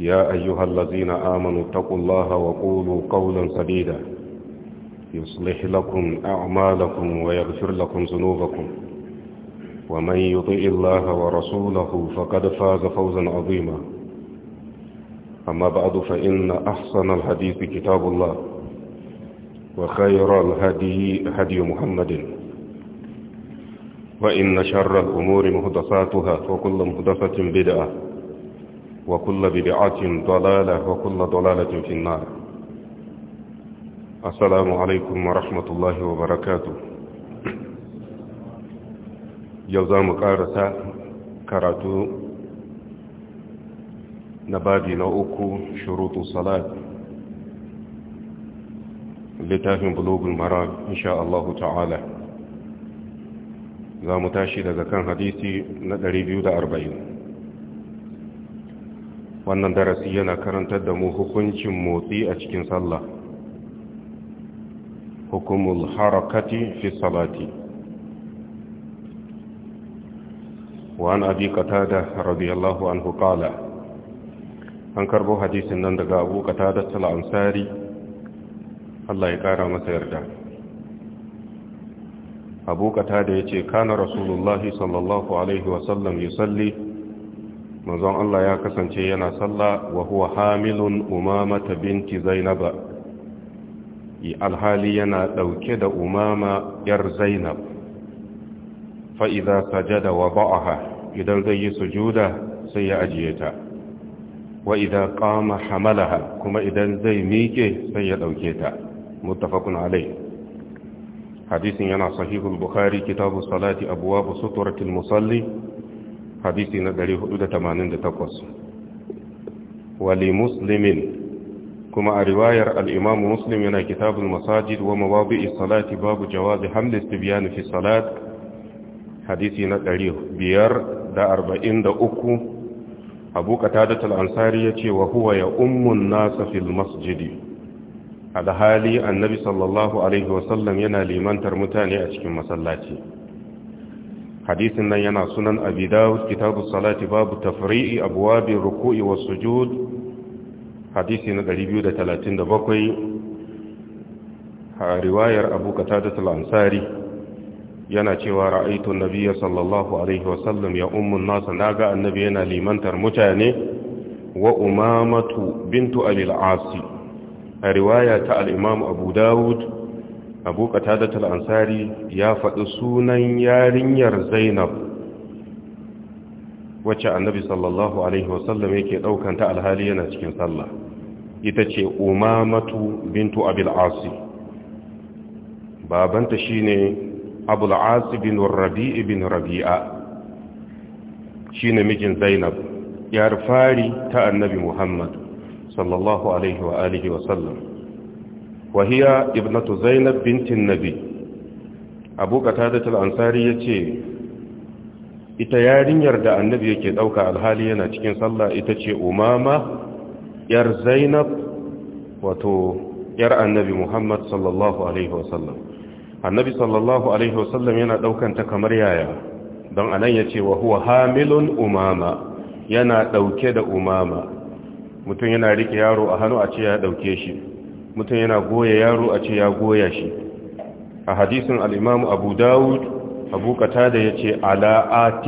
يا أيها الذين آمنوا اتقوا الله وقولوا قولا سديدا يصلح لكم أعمالكم ويغفر لكم ذنوبكم ومن يطئ الله ورسوله فقد فاز فوزا عظيما أما بعد فإن أحسن الحديث كتاب الله وخير الهدي هدي محمد وإن شر الأمور مهدساتها وكل مهدسة بدعة وكل بدعة ضلالة وكل ضلالة في النار السلام عليكم ورحمة الله وبركاته يوزام قارسة كراتو نبادي نوكو شروط الصلاة littafin bulogun maram insha Allah ta'ala za mu tashi daga kan hadisi na 240 wannan darasi yana karantar da mu hukuncin motsi a cikin sallah hukumul harakati fi salati وعن أبي قتادة رضي an عنه قال an karbo hadisin nan daga abu kata da ansari Allah ya kara masa yarda abu kata da ya ce kana rasulullahi sallallahu alaihi wasallam yusalli manzon Allah ya kasance yana sallah wa huwa hamilun umamata binti zainaba alhali yana dauke da umama yar zainab fa sajada wa ba'aha idan zai yi sujuda sai ya ajiye ta wa idan ƙama hamalaha kuma idan zai miƙe sai ya ɗauke ta muttafaqun alai hadisin yana sahihul bukhari kitabu salati abwaab suturatil musalli hadisi na 488 wali muslimin kuma a riwayar al'imamu muslim yana kitabul masajid wa mawabi salati babu jawazi hamlis tibiyan fi salat hadisi na 543 abu qatadatul ansari yace wa huwa ya ummun nasa fil masjidi alhali annabi sallallahu alaihi wasallam yana limantar mutane a cikin masallaci hadisin nan yana sunan abi dawud kitabu salati babu tafri'i abwabi ruku'i was sujud hadisi na 237 riwayar abu qatada al-ansari yana cewa ra'aytu an-nabiyya sallallahu alaihi wa sallam ya ummu an-nas naga annabi yana limantar mutane wa umamatu bintu abi al-asi riwaya ta al-imam abu dawud abu qatadatul ansari ya faɗi sunan yarinyar zainab wacce annabi sallallahu alaihi wasallam yake ɗaukanta alhali yana cikin sallah ita ce umamatu bintu abil asi babanta shine abul asi bin rabi'i bin rabi'a shine mijin zainab yar fari ta annabi muhammad sallallahu alaihi wa alihi wasallam wahiya ibnatu zainab bintin nabi abu qatadatul ansari yace ita yarinyar da annabi yake ɗauka alhali yana cikin sallah ita ce umama yar zainab wato yar annabi muhammad sallallahu alaihi wasallam annabi sallallahu alaihi wasallam yana daukan ta kamar yaya don anan yace wa hamilun umama yana ɗauke da umama mutum yana rike yaro a hannu a ce ya ɗauke shi mutum yana goya yaro a ce ya goya shi a hadisin al'imamu abu dawud abu kata da ya ce ala'a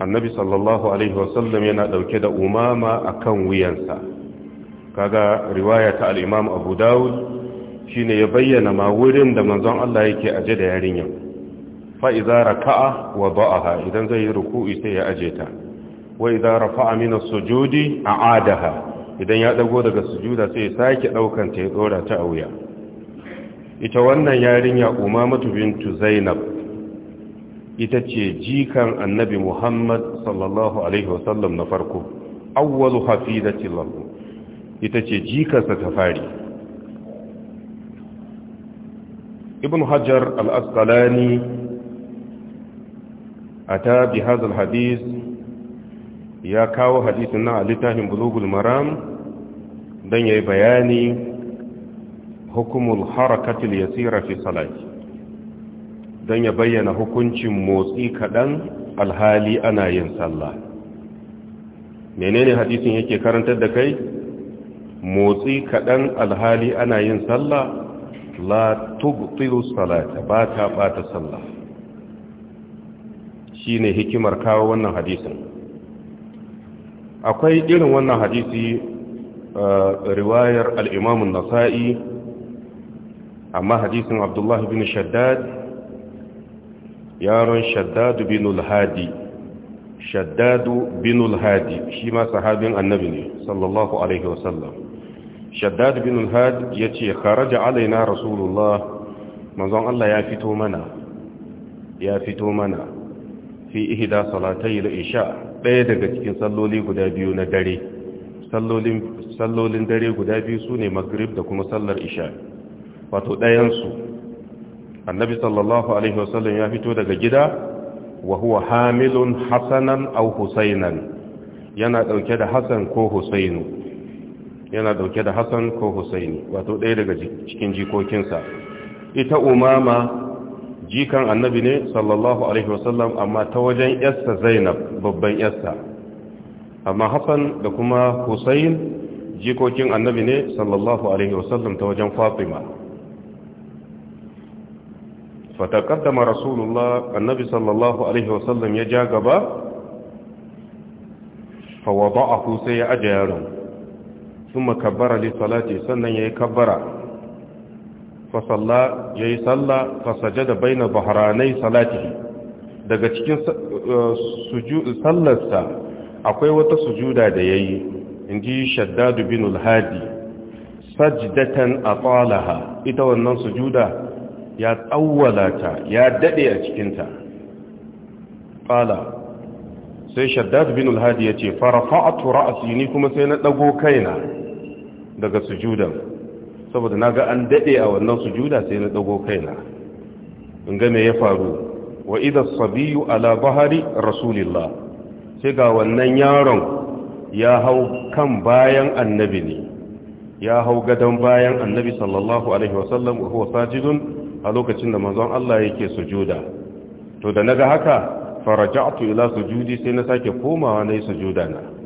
annabi sallallahu alaihi wasallam yana ɗauke da umama a kan wuyansa kaga riwaya ta al'imamu abu dawud shi ne ya bayyana ma wurin da manzon Allah yake aje da yarinyar fa'iza raka'a wa ba'aha idan zai yi ruku'i sai ya aje ta wa zarafa rafa'a minas sujudi a adaha idan ya dago daga sujuda sai sake daukan ta ya dora ta a wuya ita wannan yarinya umamatu bintu zainab ita ce jikan annabi muhammad sallallahu alaihi wasallam na farko awwalu hafizati lahu ita ce jikarsa ta fari ibn hajar al-asqalani ata bi hadha al-hadith ya kawo hadisin nan a littafin bulugul maram don ya yi bayani hukumul harakatul yasira fi salati don ya bayyana hukuncin motsi kaɗan alhali ana yin sallah menene hadisin yake karantar da kai motsi kaɗan alhali ana yin sallah la tubtilu salata ba ta ɓata sallah shine hikimar kawo wannan hadisin akwai irin wannan hadisi eh, riwayar al'imamun nasa'i amma hadisin abdullahi bin shaddad yaron shaddadu bin ulhadi shaddadu bin ulhadi shi ma sahabin annabi ne sallallahu alaihi wasallam shaddadu bin ulhadi ya ce kharaja alaina rasulullah manzon Allah ya fito mana ya fito mana fi ihda salatai da isha ɗaya daga cikin salloli guda biyu na dare sallolin dare guda biyu su ne magrib da kuma sallar isha wato ɗayansu annabi sallallahu alaihi wasallam ya fito daga gida wa huwa hamilun hasanan au husainan yana ɗauke da hasan ko husainu yana ɗauke da hasan ko husaini wato ɗaya daga cikin jikokinsa ita umama jikan annabi ne sallallahu alaihi wasallam amma ta wajen yassa zainab babban yassa amma hassan da kuma husayn jikokin annabi ne sallallahu alaihi wasallam ta wajen fatima fataqaddama rasulullah annabi sallallahu alaihi wasallam ya ja gaba fa wada'ahu sai ya aje yaron kuma kabbara li salati sannan yayi kabbara fasalla ya yi salla fasaje da bai na baharanai salatihi daga cikin sallarsa akwai wata sujuda da ya yi in ji shaddadu bin ulhadi sajidatan a tsalaha ita wannan sujuda ya tsawwala ya daɗe a cikinta ƙala sai shaddad bin ulhadi ya ce farafa'atu ra'asi ni kuma sai na ɗago kaina daga sujudan saboda na ga an daɗe a wannan sujuda sai na ɗago kaina in ga me ya faru wa idan sabiyu ala bahari rasulillah sai ga wannan yaron ya hau kan bayan annabi ne ya hau gadon bayan annabi sallallahu alaihi wasallam wa huwa sajidun a lokacin da manzon Allah yake sujuda to da naga haka faraja'tu ila sujudi sai na sake komawa nayi sujuda na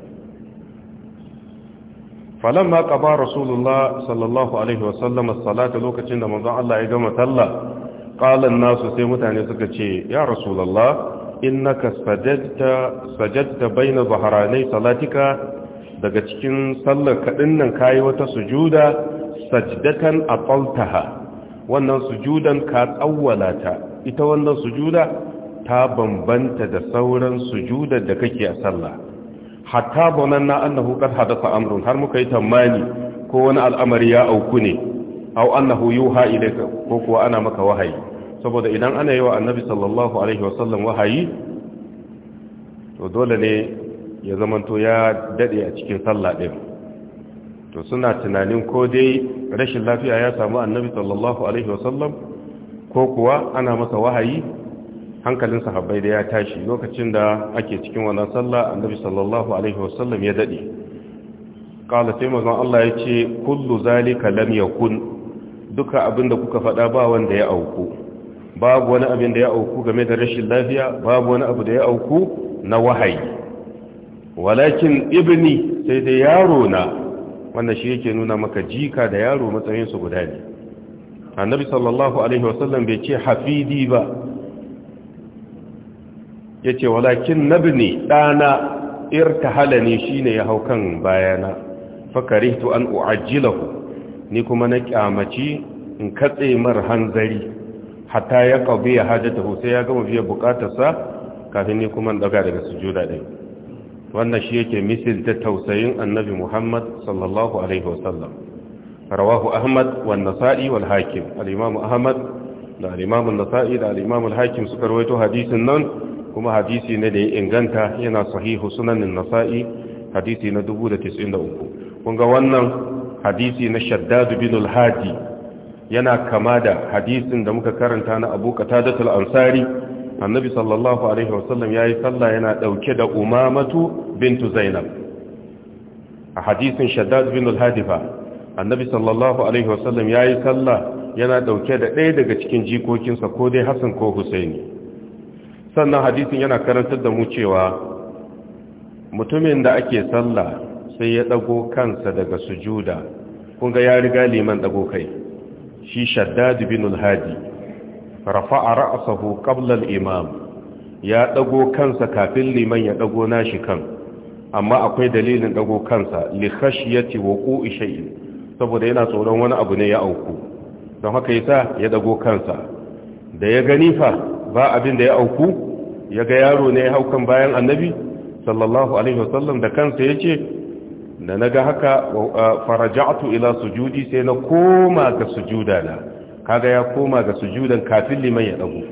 falamma ba rasulullah sallallahu alaihi wasallam salata lokacin da manzon Allah ya gama sallah qala nasu sai mutane suka ce ya rasulullah innaka sajadta sajadta baina zaharanai salatika daga cikin sallar kaɗinnan nan kai wata sujuda sajdatan ataltaha wannan sujudan ka tsawwala ta ita wannan sujuda ta bambanta da sauran sujudar da kake a sallah hatta na annahu qad hadatha amrun har muka yi tamani ko wani al'amari ya auku ne aw annahu yuha ilayka ko kuwa ana maka wahayi saboda idan ana yi wa annabi sallallahu alaihi wasallam wahayi to dole ne ya zamanto ya dade a cikin sallah din to suna tunanin ko dai rashin lafiya ya samu annabi sallallahu alaihi wasallam ko kuwa ana masa wahayi hankalin sahabbai da ya tashi lokacin da ake cikin wannan sallah annabi sallallahu alaihi wasallam ya dade Kala sai manzon Allah ya ce kullu zalika lam yakun duka abinda kuka faɗa ba wanda ya auku babu wani abin da ya auku game da rashin lafiya babu wani abu da ya auku na wahayi walakin ibni sai dai yaro na Wannan shi yake nuna maka jika da yaro matsayin su guda ne annabi sallallahu alaihi wasallam bai ce hafidi ba ya ce walakin nabni ɗana irtahala ne shi ne ya hau kan bayana to an u'ajjilahu ni kuma na kyamaci in katse mar hanzari hata ya ƙabi ya hajjata sai ya gama biya bukatarsa kafin ni kuma daga daga sujuda ɗin wannan shi yake misil ta tausayin annabi muhammad sallallahu alaihi wasallam rawahu ahmad wa nasa'i wal hakim al ahmad da al-imam nasai da al al-hakim suka rawaito hadisin nan kuma hadisi ne da ya inganta yana sahihu sunanin nasa'i hadisi na 1093 kun ga wannan hadisi na shaddadu bin al-hadi yana kama da hadisin da muka karanta na abu da ansari annabi sallallahu alaihi wasallam yayi sallah yana dauke da umamatu bintu zainab a hadisin shaddadu bin al-hadifa annabi sallallahu alaihi wasallam yayi sallah yana dauke da ɗaya daga cikin jikokinsa ko dai hasan ko husaini sannan hadisin yana karantar da mu cewa mutumin da ake sallah sai ya dago kansa daga sujuda kunga ya riga liman dago kai shi shaddad bin al-hadi rafa'a ra'sahu qabla imam ya dago kansa kafin liman ya dago nashi kan amma akwai dalilin dago kansa li khashyati wuqu'i shay'in saboda yana tsoron wani abu ne ya auku don haka yasa ya dago kansa da ya gani fa ba abin da ya auku ya ga yaro ne ya haukan bayan annabi sallallahu alaihi wasallam da kansa ya ce da na ga haka faraja'atu ila sujudi sai na koma ga sujuda na kaga ya koma ga sujudan kafin liman ya dago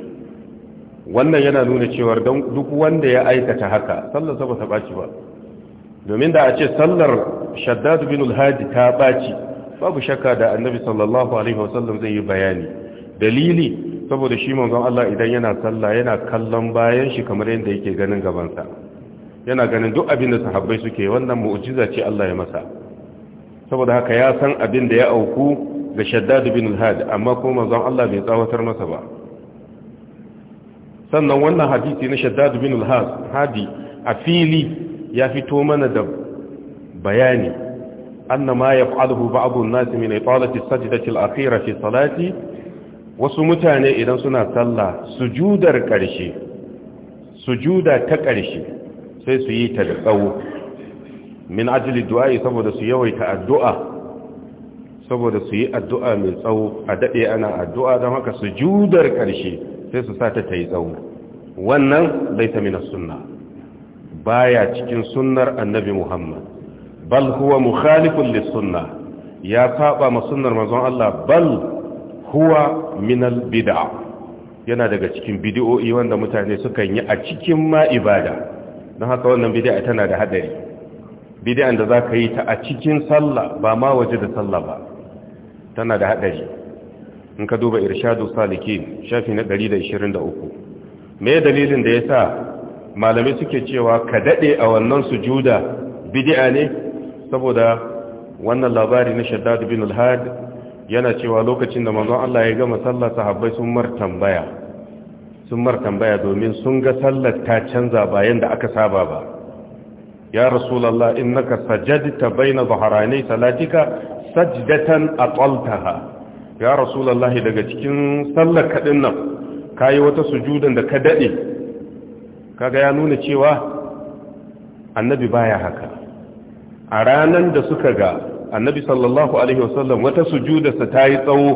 wannan yana nuna cewar duk wanda ya aikata haka sallar sa ba ta baci ba domin da a ce sallar shaddad bin al-hadi ta baci babu shakka da annabi sallallahu alaihi wasallam zai yi bayani dalili saboda shi manzon Allah idan yana sallah yana kallon bayan shi kamar yadda yake ganin gabansa yana ganin duk abin da sahabbai suke wannan mu'jiza ce Allah ya masa saboda haka ya san abin da ya auku ga Shaddad bin al-Had amma kuma manzon Allah bai tsawatar masa ba sannan wannan hadisi na Shaddad bin al-Hadi a fili ya fito mana da bayani annama yaf'aluhu ba'dhu an-nas min italati as-sajdati al-akhirah fi salati wasu mutane idan suna sallah sujudar ƙarshe sujuda ta ƙarshe sai su yi ta da tsawo min ajili du'a'i saboda su yawaita addu'a saboda su yi addu'a mai tsawo a daɗe ana addu'a don haka sujudar ƙarshe sai su sa ta yi tsawo wannan laita sunna baya cikin sunnar annabi muhammad bal huwa mukhalifun lis sunna ya saba ma sunnar manzon Allah bal huwa minal bid'a yana daga cikin bid'o'i wanda mutane sukan yi a cikin ma ibada don haka wannan bid'a tana da hadari bid'an da zaka yi ta a cikin sallah ba ma waje da sallah ba tana da hadari in ka duba irshadu saliki shafi na 123 me dalilin da yasa malamai suke cewa ka dade a wannan sujuda bid'a ne saboda wannan labari na shaddad bin al-had yana cewa lokacin da manzon Allah ya gama sallar sahabbai sun mar tambaya sun mar tambaya domin sun ga sallar ta canza bayan da aka saba ba ya rasulullah innaka sajadta baina dhahrani salatika sajdatan aqaltaha ya rasulullah daga cikin sallar kadin nan kayi wata sujudan da ka dade kaga ya nuna cewa annabi baya haka a ranan da suka ga annabi sallallahu alaihi wasallam wata sujudarsa ta yi tsawo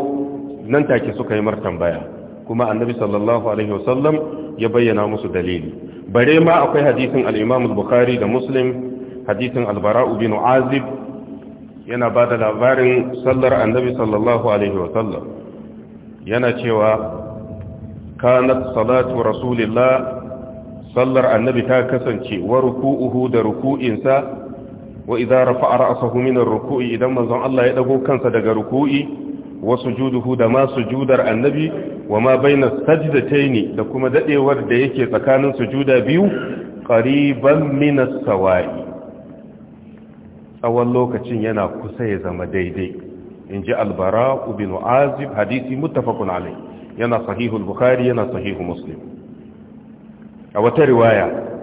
nan take suka yi martan baya kuma annabi sallallahu alaihi wasallam ya bayyana musu dalili bare ma akwai hadisin al-imam bukhari da muslim hadisin al-bara'u bin azib yana ba da labarin sallar annabi sallallahu alaihi wasallam yana cewa kanat salatu rasulillah sallar annabi ta kasance wa ruku'uhu da ruku'insa wa idza rafa'a ra'sahu min ar-ruku'i idan manzon Allah ya dago kansa daga ruku'i wa sujuduhu da ma sujudar annabi wa ma baina sajdataini da kuma dadewar da yake tsakanin sujuda biyu qariban min as-sawa'i tsawon lokacin yana kusa ya zama daidai inji al-bara ibn azib hadisi muttafaqun alayh yana sahihul bukhari yana sahihu muslim a wata riwaya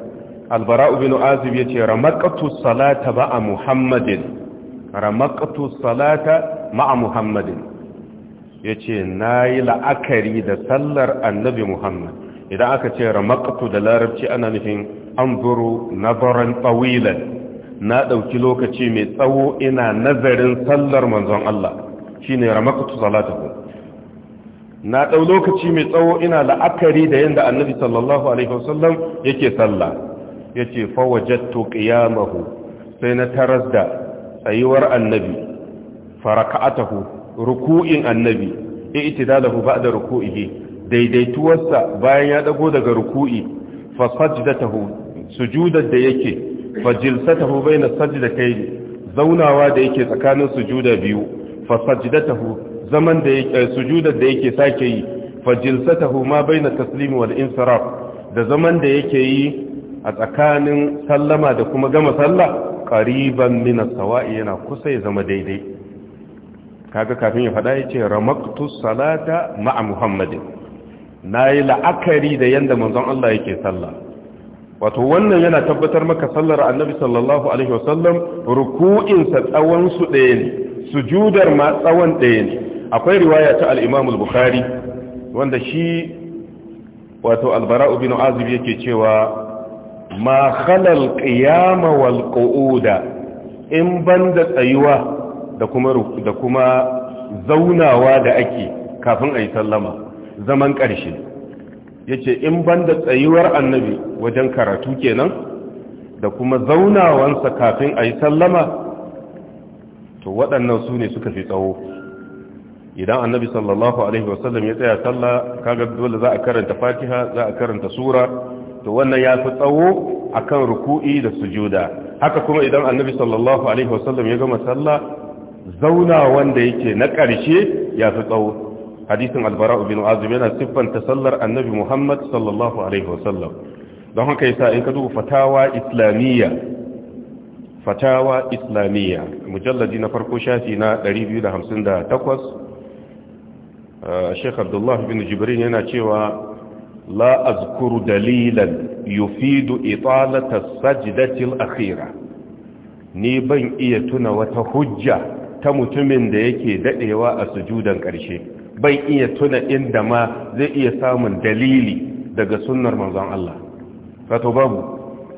albara'u bin azib ya ce ramakatu salata a muhammadin ramakatu salata a muhammadin ya ce na yi la'akari da sallar annabi muhammad idan aka ce ramakatu da larabci ana nufin an buru nazarin tsawilan na ɗauki lokaci mai tsawo ina nazarin sallar manzon Allah shi ne ramakatu salata ku na ɗau lokaci mai tsawo ina la'akari da yadda annabi sallallahu alaihi wasallam yake sallah ya ce fawajattu qiyamahu sai na taras da tsayuwar annabi faraka'atahu ruku'in annabi i'tidalahu ba'da ruku'ihi daidaituwarsa bayan ya dago daga ruku'i fa sajdatahu sujudar da yake fa jilsatahu baina sajdatayn zaunawa da yake tsakanin sujuda biyu fa sajdatahu zaman da yake eh, sujudar da yake sake yi fa jilsatahu ma na taslimi wal insiraf da zaman da yake yi a tsakanin sallama da kuma gama sallah ƙariban min sawai yana kusa ya zama daidai kaga kafin ya faɗa yace ramaqtu salata ma'a muhammadin nayi la'akari da yadda manzon Allah yake sallah wato wannan yana tabbatar maka sallar annabi sallallahu alaihi wasallam ruku'in tsawon su ɗaya ne sujudar ma tsawon ɗaya ne akwai riwaya ta al-Imam al-Bukhari wanda shi wato al-Bara'u bin Azib yake cewa ma khalal qiyama wal qu'uda in banda tsayuwa da kuma da kuma zaunawa da ake kafin ayi sallama zaman ƙarshe yace in banda tsayuwar annabi wajen karatu kenan da kuma zaunawansa kafin ayi sallama to waɗannan su ne suka fi tsawo idan annabi sallallahu alaihi wasallam ya tsaya sallah kaga dole za a karanta fatiha za a karanta sura to wannan ya fi tsawo a kan ruku'i da sujuda haka kuma idan annabi sallallahu alaihi wasallam ya gama sallah zauna wanda yake na ƙarshe ya fi tsawo hadisin albara bin azib yana siffanta sallar annabi muhammad sallallahu alaihi wasallam don haka yasa in ka duba fatawa islamiyya fatawa islamiyya mujalladi na farko shafi na 258 eh, Sheikh Abdullah bin Jibrin yana cewa la azkuru dalilan yufidu italata sajdatil akhira ni ban iya tuna wata hujja ta mutumin da yake daɗewa a sujudan ƙarshe, ban iya tuna inda ma zai iya samun dalili daga sunnar manzon Allah fato babu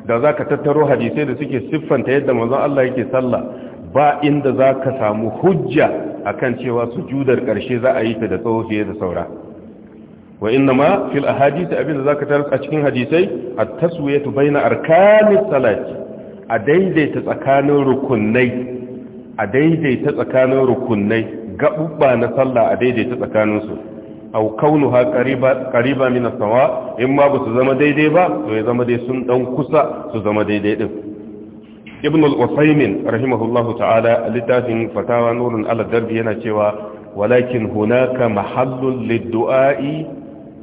da zaka tattaro hadisai da suke siffanta yadda manzon Allah yake sallah ba inda zaka samu hujja akan cewa sujudar ƙarshe za a yi ta da tsawo fiye da saura wa inna ma fil ahadith abin da zaka tarar a cikin hadisai at-taswiyatu baina arkanis salati a daidaita tsakanin rukunai a daidaita tsakanin rukunai gabubba na sallah a daidaita tsakanin su aw kaunuha qariba qariba min as-sawa in ma su zama daidai ba to ya zama dai sun dan kusa su zama daidai din ibn al-usaymin rahimahullahu ta'ala littafin fatawa nurun ala darbi yana cewa walakin hunaka mahallun lid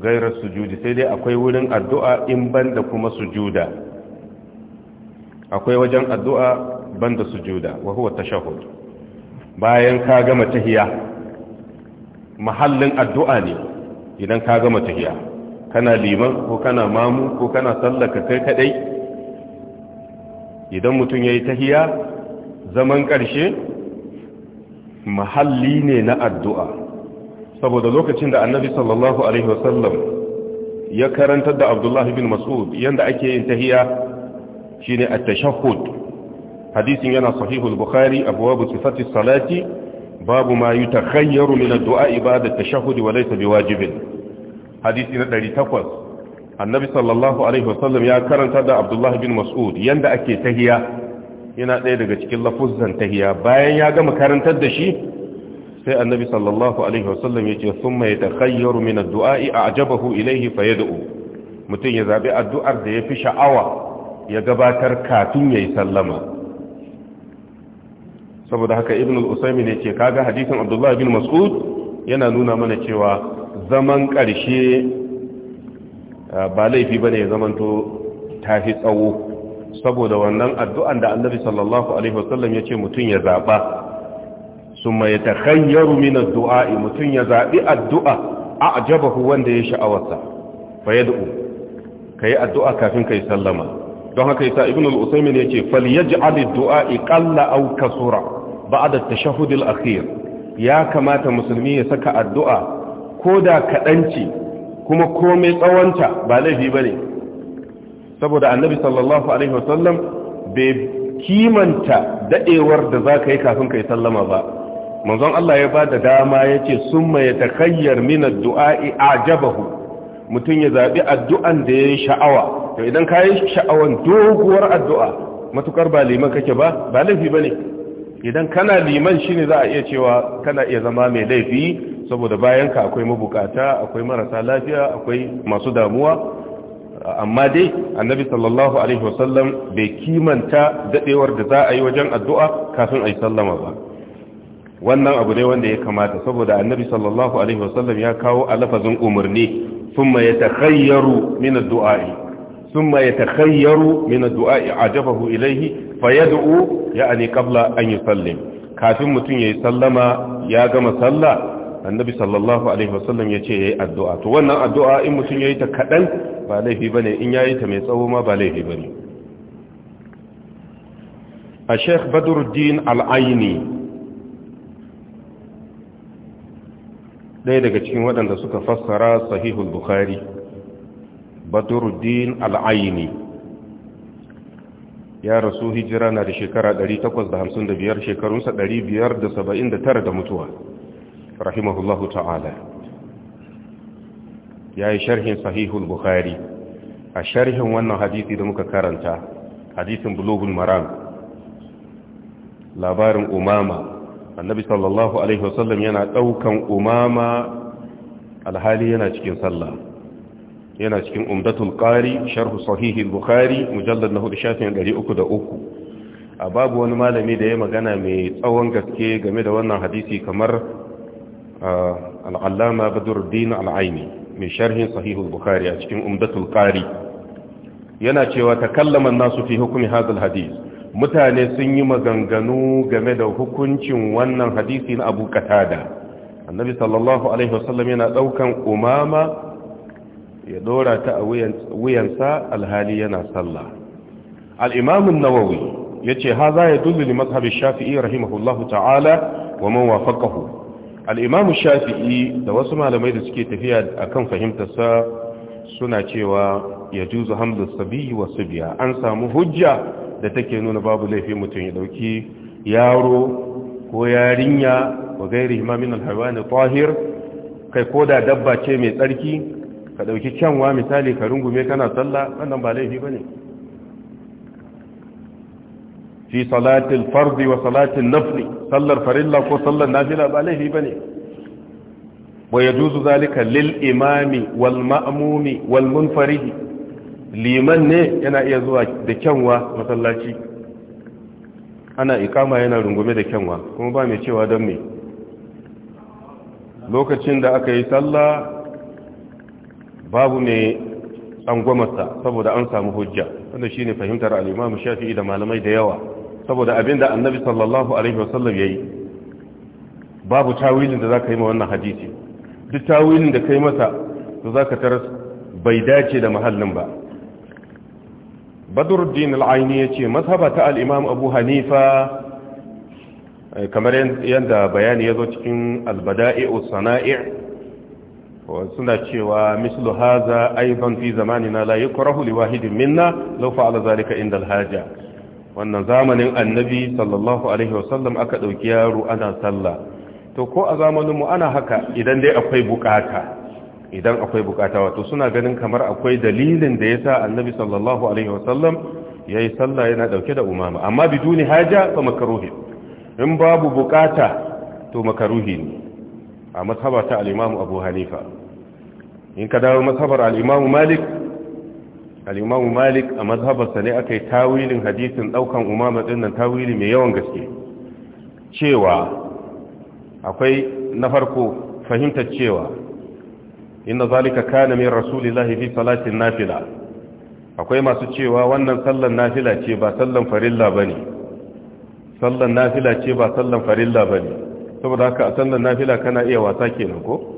gairar sujudi sai dai akwai wurin addu'a in banda kuma sujuda akwai wajen addu'a banda sujuda wa huwa tashahhud bayan ka gama tahiya mahallin addu'a ne idan ka gama tahiya kana liman ko kana mamu ko kana sallaka kai kadai idan mutum ya yi tahiya zaman ƙarshe mahalli ne na addu'a saboda lokacin da annabi sallallahu alaihi wasallam ya karantar da abdullahi bin mas'ud yanda ake yin tahiya shine at-tashahhud hadisin yana sahihul bukhari abwabu sifati salati babu ma yutakhayyaru min ad-du'a ibada at-tashahhud wa laysa biwajibin hadisi na 800 annabi sallallahu alaihi wasallam ya karanta da abdullahi bin mas'ud yanda ake tahiya yana ɗaya daga cikin lafuzzan tahiya bayan ya gama karantar da shi sai annabi sallallahu alaihi wasallam yace thumma yatakhayyaru min ad-du'a'i a'jabahu ilayhi fayad'u mutum ya zabi addu'ar da yafi sha'awa ya gabatar kafin yayi sallama saboda haka ibn al-usaymin yace kaga hadisin abdullah bin mas'ud yana nuna mana cewa zaman karshe ba laifi bane ya zamanto tafi tsawo saboda wannan addu'an da annabi sallallahu alaihi wasallam yace mutum ya zaba summa yatakhayyaru min dua mutum ya zaɓi addu'a a'jabahu wanda ya sha'awarsa fa ka yi addu'a kafin yi sallama don haka yasa ya ce fal ya falyaj'al ad-du'a qalla aw kasura ba'da at-tashahhud al-akhir ya kamata musulmi ya saka addu'a koda kaɗanci kuma komai tsawonta ba laifi bane saboda annabi sallallahu alaihi wasallam bai kimanta dadewar da ka yi kafin yi sallama ba manzon Allah ya ba da dama sun mai takayyar min ad-du'a'i ajabahu mutum ya zaɓi addu'an da ya yi sha'awa to idan yi sha'awan doguwar addu'a matukar ba liman kake ba ba laifi bane idan kana liman shine za a iya cewa kana iya zama mai laifi saboda bayan ka akwai mabukata akwai marasa lafiya akwai masu damuwa amma dai annabi sallallahu alaihi wasallam bai kimanta dadewar da za a yi wajen addu'a kafin a yi sallama ba wannan abu ne wanda ya kamata saboda annabi sallallahu alaihi wasallam ya kawo a lafazin umarni thumma takayyaru min ad-du'a'i thumma yatakhayyaru min ad-du'a'i ajabahu ilaihi fayad'u ya'ni qabla an yusallim kafin mutum yayi sallama ya gama sallah annabi sallallahu alaihi wasallam ya ce yayi addu'a to wannan addu'a in mutum yayi ta kadan ba laifi bane in yayi ta mai tsawo ma ba laifi bane a sheikh badruddin al-aini ɗaya daga cikin waɗanda suka fassara sahihul bukhari badruddin al'aini ya rasu hijira na da shekara 855 shekarunsa 579 da mutuwa rahimahullahu ta'ala ya yi sharhin sahihul bukhari a sharhin wannan hadisi da muka karanta hadisin bulugul maram labarin umama annabi sallallahu alaihi wasallam yana daukan umama alhali yana cikin sallah yana cikin umdatul qari sharh sahih al-bukhari mujallad na 4303 a babu wani malami da ya magana mai tsawon gaske game da wannan hadisi kamar al-allama badruddin al-aini mai sharhin sahih al-bukhari a cikin umdatul qari yana cewa takallama an-nasu fi hukmi hadha al-hadith mutane sun yi maganganu game da hukuncin wannan hadisi na abu katada annabi sallallahu alaihi wasallam yana daukan umama ya dora ta a wuyansa alhali yana sallah al-imam an-nawawi yace haza ya dullu li mazhab ash-shafi'i rahimahullahu ta'ala wa man wafaqahu al-imam shafii da wasu malamai da suke tafiya akan fahimtarsa suna cewa yajuzu hamdu sabiyi wa sibiya an samu hujja da take nuna babu laifi mutum ya dauki yaro ko yarinya wa gairi himamin alhawani tahir kai ko da dabba ce mai tsarki ka dauki canwa misali ka rungume kana sallah wannan ba laifi bane fi salatin fardi wa salatil nafli sallar farilla ko sallar nafila ba laifi bane wa yajuzu zalika lil imami wal ma'mumi wal munfaridi liman ne yana iya zuwa da kyanwa masallaci ana ikama yana rungume da kyanwa kuma ba mai cewa don me lokacin da aka yi sallah babu mai tsangwamarsa saboda an samu hujja wanda shi ne fahimtar al'imamu shafi'i da malamai da yawa saboda abin da annabi sallallahu alaihi wasallam ya yi babu tawilin da za ka yi ma wannan hadisi duk tawilin da ka yi masa da za ka taras bai dace da mahallin ba badruddin al-aini yace mazhaba ta al abu hanifa eh, kamar yadda bayani yazo cikin al-bada'i sanai suna cewa mislu haza aidan fi zamanina la yukrahu li wahidin minna law fa'ala zalika inda Alhaja wannan zamanin annabi sallallahu alaihi wasallam aka ɗauki yaro ana sallah to ko a zamanin mu ana haka idan dai akwai buƙata. idan akwai bukata wato suna ganin kamar akwai dalilin da ya sa annabi sallallahu alaihi wasallam ya yi sallah yana dauke da umama amma biduni haja fa makaruhi in babu bukata to makaruhi ne a masaba ta al'imamu abu hanifa in ka dawo masabar al'imamu malik al'imamu malik a mazhabarsa ne aka yi tawilin hadisin daukan umama dinnan tawili mai yawan gaske cewa akwai na farko fahimtar cewa inna zalika kana min rasulillahi fi salatin nafila akwai masu cewa wannan sallan nafila ce ba sallan farilla bane sallan nafila ce ba sallan farilla bane saboda haka a sallan nafila kana iya wasa kenan ko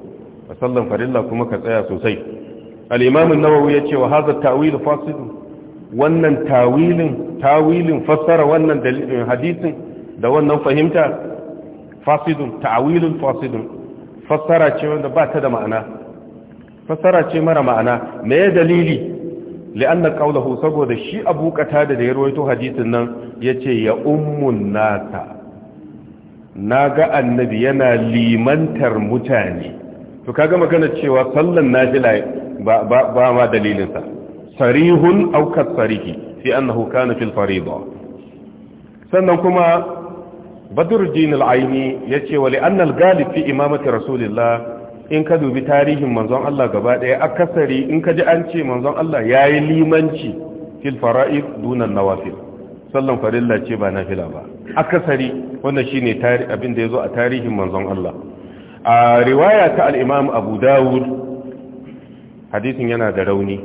a sallan farilla kuma ka tsaya sosai al-imam an-nawawi yace wa hadha ta'wil fasid wannan tawilin tawilin fassara wannan dalilin hadisin da wannan fahimta fasidun ta'wilun fasidun fassara ce wanda ba ta da ma'ana fasara ce mara ma'ana me ya dalili li'anna qawluhu saboda shi Abu Qatada da ya rawaito hadisin nan yace ya ummun nasa naga annabi yana limantar mutane to kaga magana cewa sallan nafila ba ba ma dalilin sa sarihun aw kasarihi fi annahu kana fil fariḍa sannan kuma Badruddin al-Aini yace wa li'anna al-ghalib fi imamati Rasulillah in ka dubi tarihin manzon Allah gaba ɗaya akasari in ka ji an ce manzon Allah ya yi limanci fil fara'id dunan nawafil sallan farilla ce ba nafila ba akasari wannan shine abin da ya zo a tarihin manzon Allah a riwaya ta al-Imam Abu Dawud hadisin yana da rauni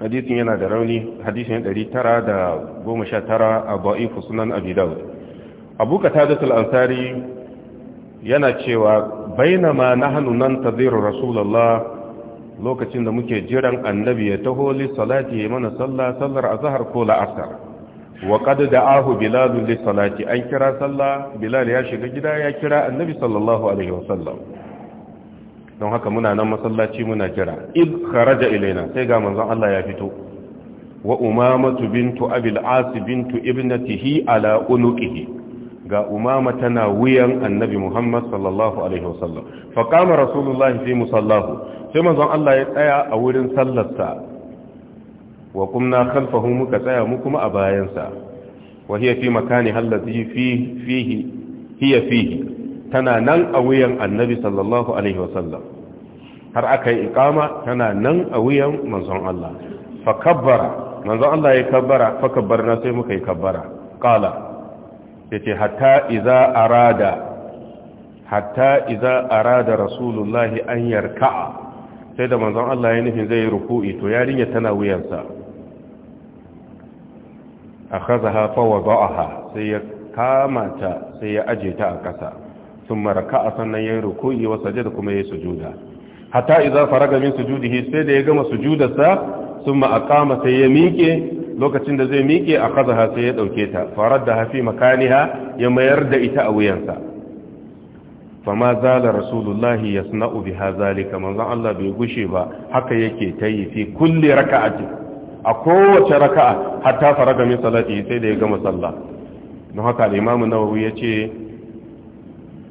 hadisin yana da rauni hadisin 919 a ba'ifu sunan abi dawud abu qatadatul ansari yana cewa bainama nahnu nantaziru rasulullah lokacin da muke jiran annabi ya taho li salati mana sallah sallar azhar ko la'asar wa qad da'ahu bilal li salati an kira sallah bilal ya shiga gida ya kira annabi sallallahu alaihi wasallam don haka muna nan masallaci muna kira id kharaja ilaina sai ga manzon Allah ya fito wa umamatu bintu abil as bintu ibnatihi ala unuqihi ga umama tana wuyan annabi Muhammad sallallahu alaihi wasallam fa qama rasulullahi fi musallahu sai manzon Allah ya tsaya a wurin sallarsa wa kumna khalfahu muka tsaya mu kuma a bayansa wa hiya fi makani allazi fi fihi hiya fihi tana nan a wuyan annabi sallallahu alaihi wasallam har aka yi iqama tana nan a wuyan manzon Allah fa kabbara manzon Allah ya kabbara fa kabbarna sai muka yi kabbara qala ce hatta iza arada hatta iza arada rasulullahi an yarka'a sai da manzon Allah ya nufin zai ruku'i to rinya tana wuyansa akhadha fa wada'aha sai ya kama ta sai ya aje ta a ƙasa thumma raka'a sannan yi ruku'i wa sajada kuma yayi sujuda hatta iza faraga min sujudihi sai da ya gama sujudarsa thumma kama sai ya miƙe lokacin da zai miƙe a kazaha sai ya ɗauke ta farar da hafi makaniha ya mayar da ita a wuyansa fama zala rasulullahi ya suna ubi ha zalika manzan Allah bai gushe ba haka yake ta yi fi kulle ce a kowace raka'a hatta fara min salati sai da ya gama sallah don haka al na ya ce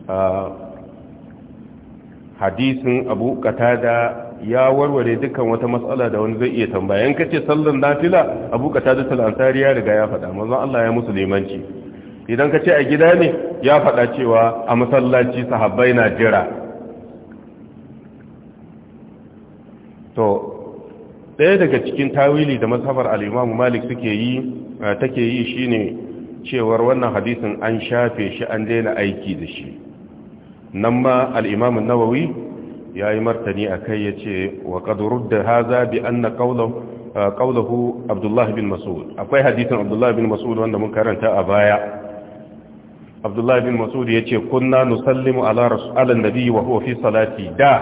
ah, hadisin abu Ƙatada. ya warware dukkan wata matsala da wani zai iya tambaya in kace sallan nafila abu ka tada ansari ya riga ya faɗa manzon Allah ya musu limanci idan kace a gida ne ya faɗa cewa a masallaci sahabbai na jira to ɗaya daga cikin tawili da masafar al Malik suke yi take yi shine cewar wannan hadisin an shafe shi an daina aiki da shi nan ma al-Imam Nawawi ya yi martani a kai ya ce wa ƙadurur da haza bi an na ƙaunahu abdullahi bin masud akwai hadisin abdullahi bin masud wanda mun karanta a baya abdullahi bin masud ya ce kunna nusallimu ala nabi wa huwa fi salati da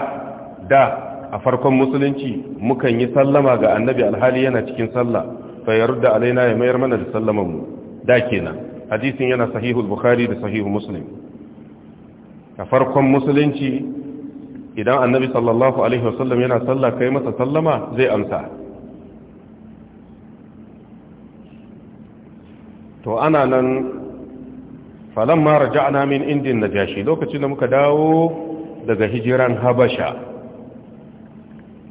da a farkon musulunci mukan yi sallama ga annabi alhali yana cikin sallah fa yarda alaina ya mayar mana da sallaman mu da kenan hadisin yana sahihul bukhari da sahihul muslim a farkon musulunci idan annabi sallallahu alaihi wasallam yana sallah kai masa sallama zai amsa to ana nan mara raja'na min indin najashi lokacin da muka dawo daga hijiran habasha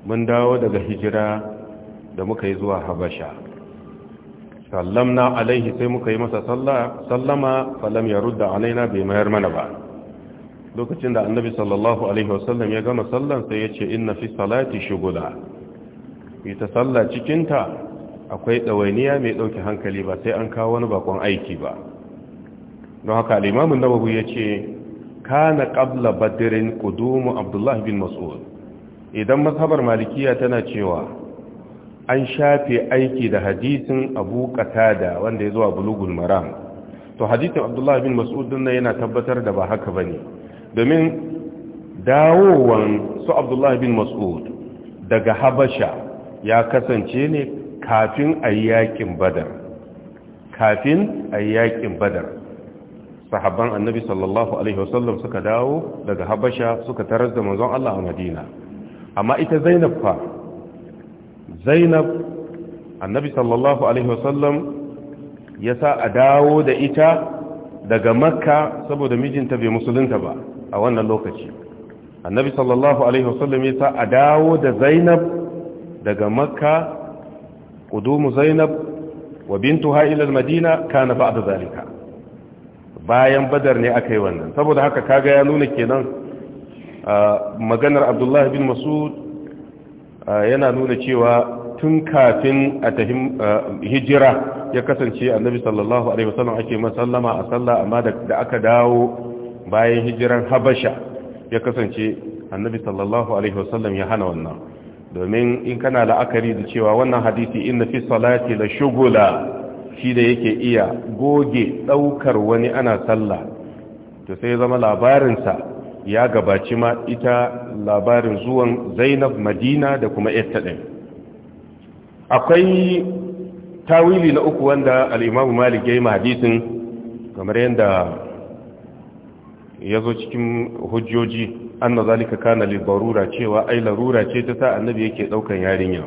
mun dawo daga hijira da muka yi zuwa habasha na alaihi sai muka yi masa sallama falam ya rudda alaina bai mayar mana ba lokacin da annabi sallallahu alaihi wasallam ya gama sallan sai ya ce inna fi salati shugula ita sallah cikinta akwai ɗawainiya mai ɗauki hankali ba sai an kawo wani bakon aiki ba don haka limamin nawawi ya ce kana ƙabla badirin qudumu abdullah bin mas'ud idan mazhabar malikiya tana cewa an shafe aiki da hadisin abu qatada wanda ya zuwa bulugul maram to hadisin abdullah bin mas'ud din yana tabbatar da ba haka bane domin dawowan su abdullahi bin mas'ud daga habasha ya kasance ne kafin a yakin badar kafin a yakin badar sahabban annabi sallallahu alaihi wasallam suka dawo daga habasha suka tarar da manzon Allah a madina amma ita zainab fa zainab annabi sallallahu alaihi wasallam ya sa a dawo da ita daga makka saboda mijinta bai musulunta ba a wannan lokaci annabi sallallahu alaihi wasallam ya sa a dawo da zainab daga makka kudumu zainab wa bintuha ila madina kana ba'da zalika bayan badar ne aka wannan saboda haka kaga ya nuna kenan maganar abdullahi bin masud yana nuna cewa tun kafin a tafi hijira ya kasance annabi sallallahu alaihi wasallam ake masallama a sallah amma da aka dawo bayan hijiran habasha ya kasance annabi sallallahu alaihi wasallam ya hana wannan domin in kana la'akari da cewa wannan hadisi inna fi salati la shugula shi da yake iya goge daukar wani ana sallah to sai zama labarinsa ya gabaci ma ita labarin zuwan zainab madina da kuma yarta ɗin akwai tawili na uku wanda al'imamu malik ya yi hadisin kamar yadda ya zo cikin hujjoji anna zalika kana li barura cewa ai larura ce ta sa annabi yake daukan yarinya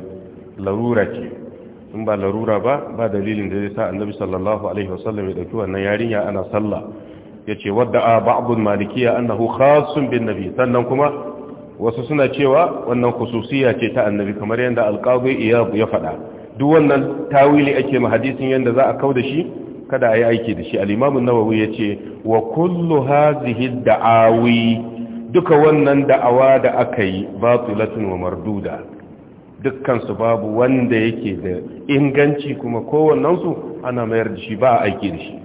larura ce in ba larura ba ba dalilin da zai sa annabi sallallahu alaihi wasallam ya dauki wannan yarinya ana sallah yace wadda ba'dul malikiya annahu khassun bin nabi sannan kuma wasu suna cewa wannan khususiya ce ta annabi kamar yanda alqadi iyab ya faɗa duk wannan tawili ake ma hadisin yanda za a kauda shi kada a yi aiki da shi al'imamun nawawi ya ce wa kullu hazihi da'awi duka wannan da'awa da aka yi batulatun wa marduda dukkansu babu wanda yake da inganci kuma kowannensu ana mayar da shi ba a aiki da shi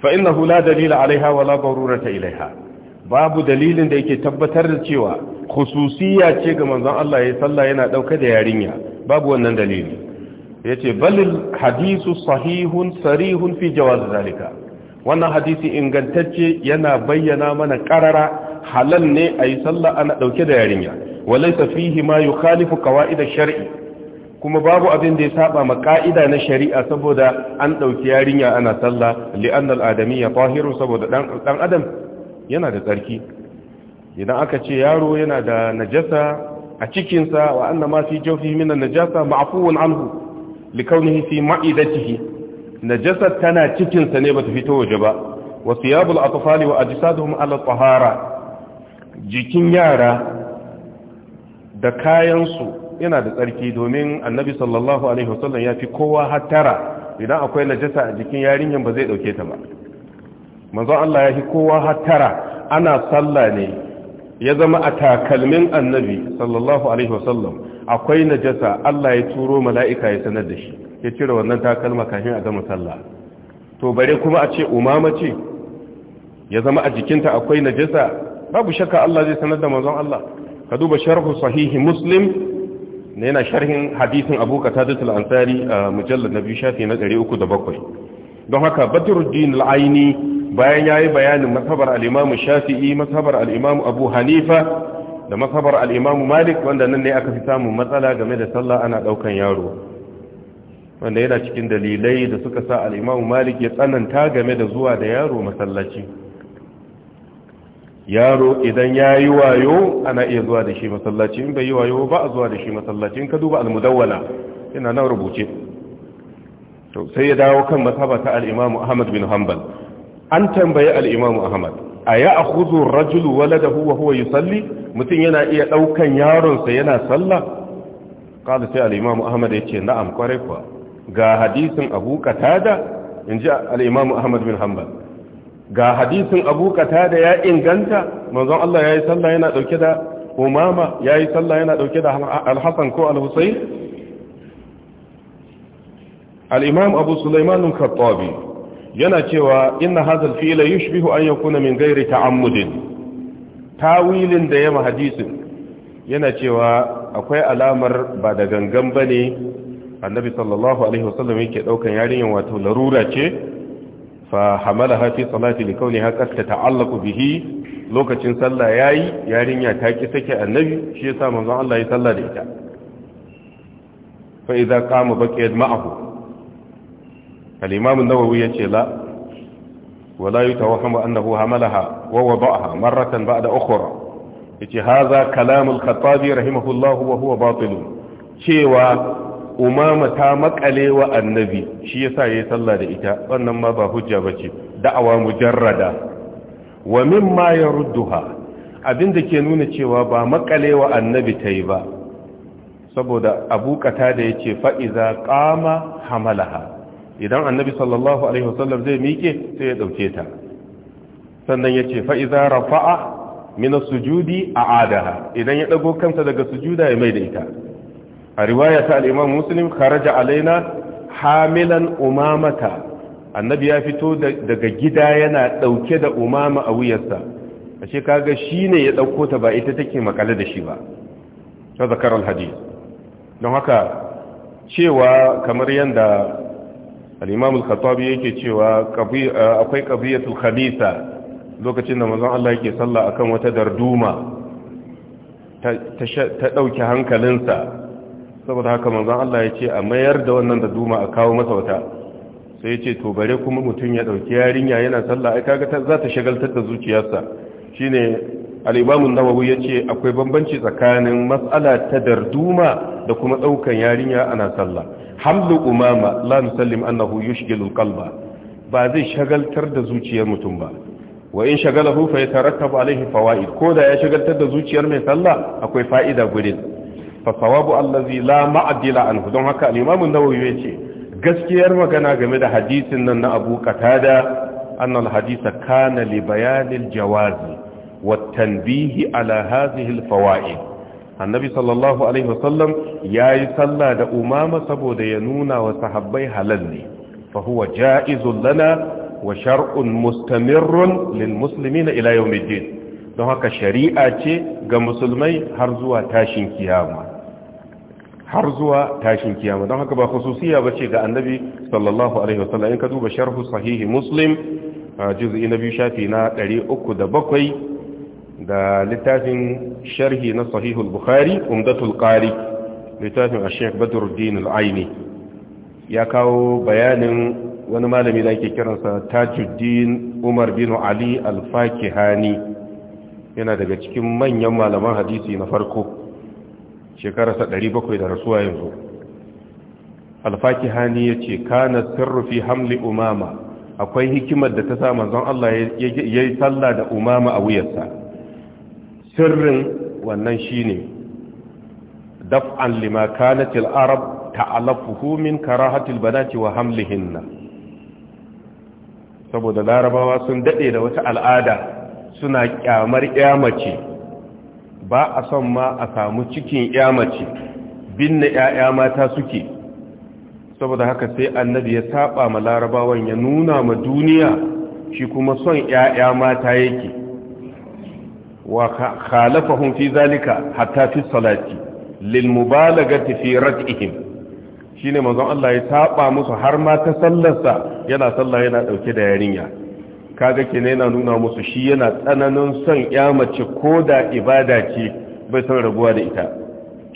fa'innahu la dalila alaiha wa la barurata ilaiha babu dalilin da yake tabbatar da cewa khususiya ce ga manzon Allah ya sallah yana dauka da yarinya babu wannan dalili ya ce balil hadisu sahihun sarihun fi jawaz zalika wannan hadisi ingantacce yana bayyana mana karara halal ne a yi sallah ana ɗauke da yarinya walaysa fihi ma yukhalifu qawaid kawaida shari kuma babu abin da ya saba ma ka'ida na shari'a saboda an ɗauki yarinya ana sallah li'anna al-adamiyya tahirun saboda dan dan adam yana da tsarki idan aka ce yaro yana da najasa a cikinsa wa annama fi jawfihi min an-najasa ma'fuun anhu likaunihi fi ma'idatihi najasar tana cikin sa ne bata fito waje ba wa siyabul atfali wa ajsaduhum ala tahara jikin yara da kayansu yana da tsarki domin annabi sallallahu alaihi wasallam ya fi kowa hattara idan akwai najasa a jikin yarinyan ba zai ɗauke ta ba manzo Allah ya fi kowa tara ana sallah ne ya zama a takalmin annabi sallallahu alaihi wasallam akwai najasa Allah ya turo mala'ika ya sanar da shi ya cire wannan takalma kafin a gama sallah to bare kuma a ce umama ce ya zama a jikinta akwai najasa babu shakka Allah zai sanar da manzon Allah ka duba sharhu sahihi muslim ne yana sharhin hadisin abu qatadatul ansari a mujallad biyu shafi na 307 don haka badruddin al-aini bayan yayi bayanin mazhabar al-imam shafi'i mazhabar al-imam abu hanifa da mazhabar al-imam malik wanda nan ne aka fi samun matsala game da sallah ana daukan yaro wanda yana cikin dalilai da suka sa al-imam malik ya tsananta game da zuwa da yaro masallaci yaro idan ya yi wayo ana iya zuwa da shi masallaci in bai yi wayo ba a zuwa da shi masallaci in ka duba al-mudawwala nan rubuce to sai ya dawo kan masaba ta al-imamu ahmad bin hanbal an tambaye al-imamu ahmad a ya akhudhu ar-rajulu waladahu wa huwa yusalli mutum yana iya daukan yaronsa yana sallah kada sai al-imamu ahmad yace na'am kwarai kuwa ga hadisin abu qatada inji al-imamu ahmad bin hanbal ga hadisin abu qatada ya inganta manzon Allah yayi sallah yana dauke da umama yayi sallah yana dauke da al-hasan ko al-husayn al-imam abu sulaiman al-khattabi yana cewa inna na al-fi'la bihu an kuna min gairi ta'ammudin tawilin da yama hadisin yana cewa akwai alamar ba da gangan ba ne. annabi sallallahu alaihi wasallam yake daukan yarinyan wato larura ce fa hamalaha fi salati likawniha ta ta'allaku bihi lokacin sallah yayi yarinya ta ki take annabi shi yasa manzon Allah ya sallah da ita fa idza qama baqiyat ma'ahu al-imam an-nawawi yace la wala yutawahhamu annahu hamalaha wa wada'aha marratan ba'da ukhra yace hadha kalam al-khattabi rahimahullahu wa huwa batil cewa umama ta makale wa annabi shi yasa ya sallah da ita wannan ma ba hujja bace da'awa mujarrada wa mimma yarudduha abinda ke nuna cewa ba maƙale wa annabi tayi ba saboda abu kata da yace ce fa'iza ƙama hamalaha idan annabi sallallahu alaihi wasallam zai miƙe sai ya ɗauke ta sannan ya ce fa'iza rafa'a mina sujudi a adaha idan ya ɗago kansa daga sujuda ya mai da ita a riwaya ta al'imam muslim kharaja alaina hamilan umamata annabi ya fito daga gida yana ɗauke da umama a wuyarsa a ce kaga shi ne ya ɗauko ta ba ita take makale da shi ba ta zakarar hadis don haka cewa kamar yadda al-imam al-khattabi yake cewa akwai qabiyatul khabisa lokacin da mazan Allah yake sallah akan wata darduma ta ɗauki hankalinsa saboda haka mazan Allah ya ce a mayar da wannan darduma a kawo masa wata sai ya ce to bare kuma mutum ya ɗauki yarinya yana sallah ai kaga za ta shagaltar da zuciyarsa shine al'ibamun nawawi ya ce akwai bambanci tsakanin matsala ta darduma da kuma ɗaukan yarinya ana sallah hamlu umama la nusallim annahu yushghilu alqalba ba zai shagaltar da zuciyar mutum ba wa in shagalahu fa yatarattabu alaihi fawaid ko da ya shagaltar da zuciyar mai sallah akwai fa'ida gurin fa sawabu allazi la ma'dila anhu don haka al-imam an-nawawi yace gaskiyar magana game da hadisin nan na Abu Qatada annal hadisa kana li bayanil jawazi wa tanbihi ala hadhihi al-fawaid annabi sallallahu alaihi wasallam ya yi sallah da umama saboda ya nuna wa sahabbai halal ne fa huwa ja'izun lana wa shar'un mustamirrun lil muslimina ila yawmiddin don haka shari'a ce ga musulmai har zuwa tashin kiyama har zuwa tashin kiyama don haka ba khususiya bace ga annabi sallallahu alaihi wasallam in ka duba sharhu sahihi muslim juz'i na biyu shafi na 307 da littafin sharhi na sahihul bukhari umdatul qari littafin ash-shaykh badruddin al-aini ya kawo bayanin wani malami da ake kiransa tajuddin umar bin ali al-fakihani yana daga cikin manyan malaman hadisi na farko shekararsa 700 da rasuwa yanzu al-fakihani yace kana sirru fi hamli umama akwai hikimar da ta sa manzon Allah ya yi sallah da umama a wuyarsa sirrin wannan shine daf'an lima kanatil arab ta'alafuhu min karahatil banati wa hamlihinna saboda larabawa sun dade da wata al'ada suna kyamar yamace ba a son ma a samu cikin mace binne yaya mata suke saboda haka sai annabi ya saba ma larabawan ya nuna ma duniya shi kuma son yaya mata yake wa khalafahum fi zalika hatta fi salati lil mubalagati fi rad'ihim shine manzon Allah ya saba musu har ma ta sallarsa yana sallah yana ɗauke da yarinya kaga kenan yana nuna musu shi yana tsananin son ya mace ko da ibada ce bai san rabuwa da ita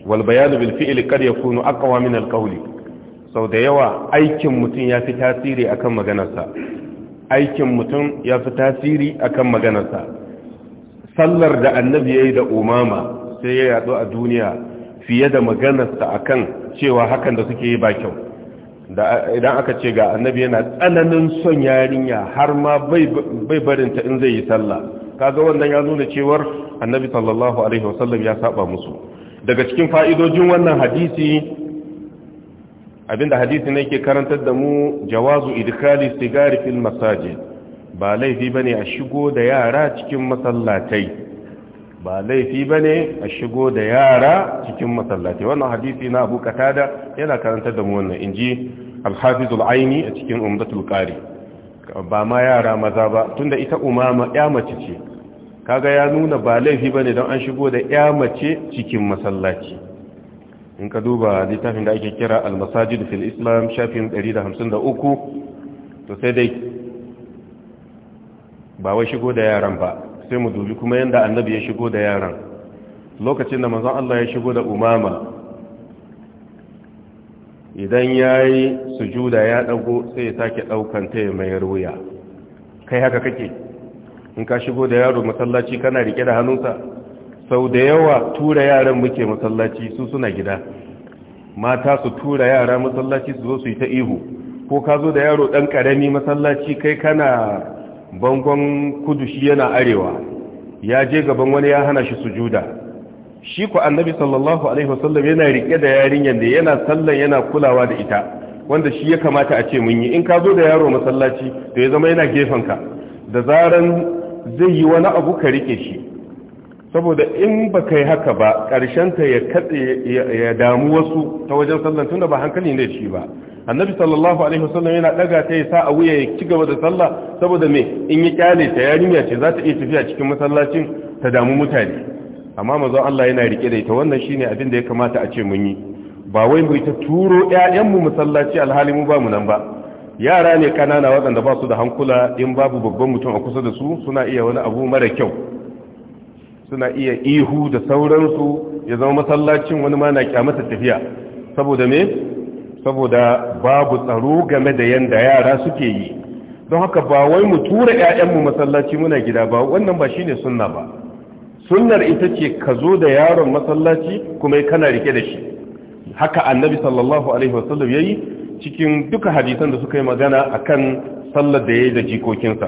wal bayanu bil fi'li qad yakunu aqwa min al qawli sau da yawa aikin mutum ya aikin mutum ya fi tasiri akan maganarsa sallar da annabi yayi da umama sai ya yado a duniya fiye da maganarsa akan cewa hakan da suke yi ba kyau idan aka ce ga annabi yana tsananin son yarinya har ma bai barinta in zai yi sallah kaga wannan ya nuna cewar annabi sallallahu alaihi wasallam ya saba musu daga cikin fa'idojin wannan hadisi abinda hadisi ne ke karantar da mu jawazu idkali sigari fil masajid ba laifi ba ne a shigo da yara cikin masallatai ba laifi ba ne a shigo da yara cikin masallatai wannan hadisi na abu katada yana karantar da mu wannan in ji alhafizul aini a cikin umdatul kari ba ma yara maza ba tunda ita umama ya mace ce kaga ya nuna ba laifi ba ne don an shigo da ya mace cikin masallaci in ka duba littafin da ake kira al-masajid fil islam shafin 153 to sai dai ba wai shigo da yaran ba sai mu dubi kuma yanda annabi ya shigo da yaran lokacin da manzon Allah ya shigo da umama idan yayi sujuda ya dago sai ya sake daukan ta mai ruya kai haka kake in ka shigo da yaro masallaci kana rike da hannunsa sau da yawa tura yaran muke masallaci su suna gida mata su tura yara masallaci su zo su yi ta ihu ko ka zo da yaro dan karami masallaci kai kana bangon kudu shi yana arewa ya je gaban wani ya hana shi sujuda shi ku annabi sallallahu alaihi wasallam yana rike da yarinyar da yana sallan yana kulawa da ita wanda shi ya kamata a ce mun yi in ka zo da yaro masallaci to ya zama yana ka da zaran zai yi wani abu ka rike shi saboda in ba ka haka ba ta ya damu wasu ta wajen sallan tunda ba hankali ne shi ba annabi sallallahu alaihi wasallam yana daga ta yasa a wuya ya ci gaba da sallah saboda me in ya kyale ta yarinya ce za ta iya tafiya cikin masallacin ta damu mutane amma manzon Allah yana rike da ita wannan shine abin da ya kamata a ce mun yi ba wai mu ta turo mu masallaci alhali mu ba mu nan ba yara ne kanana waɗanda ba su da hankula in babu babban mutum a kusa da su suna iya wani abu mara kyau suna iya ihu da sauransu ya zama masallacin wani ma na kyamata tafiya saboda me saboda babu tsaro game da yanda yara suke yi don haka ba wai mu tura 'ya'yanmu masallaci muna gida ba wannan ba shine sunna ba sunnar ita ce ka zo da yaron masallaci kuma kana rike da shi haka annabi sallallahu alaihi wasallam yayi cikin duka hadisan da suka yi magana a kan sallar da yayi da jikokinsa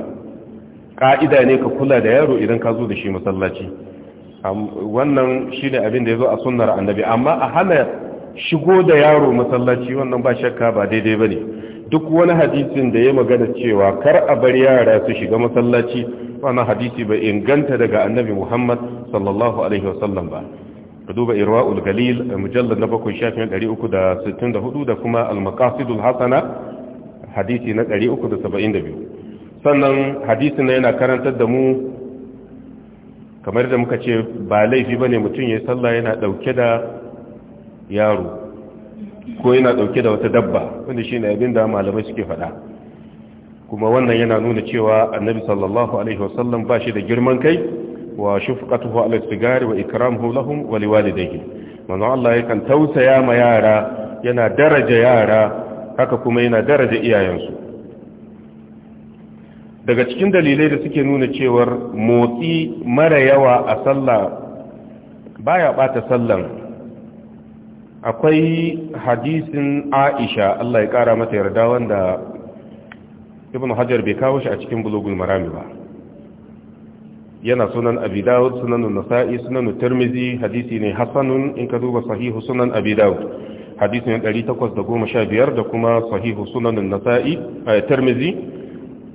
ka'ida ne ka kula da yaro idan ka zo da shi masallaci wannan shine abin da zo a sunnar annabi amma a hana shigo da yaro masallaci wannan ba shakka ba daidai ba ne duk wani hadisin da ya magana cewa kar a bar yara su shiga masallaci wannan hadisi ba inganta daga annabi muhammad sallallahu alaihi wasallam ba ka duba irwa'ul galil a mujallar na bakwai shafin 364 da kuma al-maqasidul hasana hadisi na 372 sannan hadisin yana karantar da mu kamar da muka ce ba laifi bane mutum ya sallah yana dauke da yaro ko yana dauke da wata dabba wanda shi ne abin da malamai suke faɗa kuma wannan yana nuna cewa annabi sallallahu alaihi wasallam ba shi da girman kai wa shufqatuhu ala sigari wa ikramuhu lahum wa liwalidayhi manzo Allah yakan tausaya ma yara yana daraja yara haka kuma yana daraja iyayensu daga cikin dalilai da suke nuna cewar motsi mara yawa a sallah baya bata sallan akwai hadisin aisha Allah ya kara mata yarda wanda ibn hajar bai kawo shi a cikin bulugul marami ba yana sunan abi dawud sunan nasa'i sunan tirmizi hadisi ne hasanun in ka duba sahihu sunan abi dawud hadisi ne 815 da kuma sahihu sunan nasa'i eh, tirmizi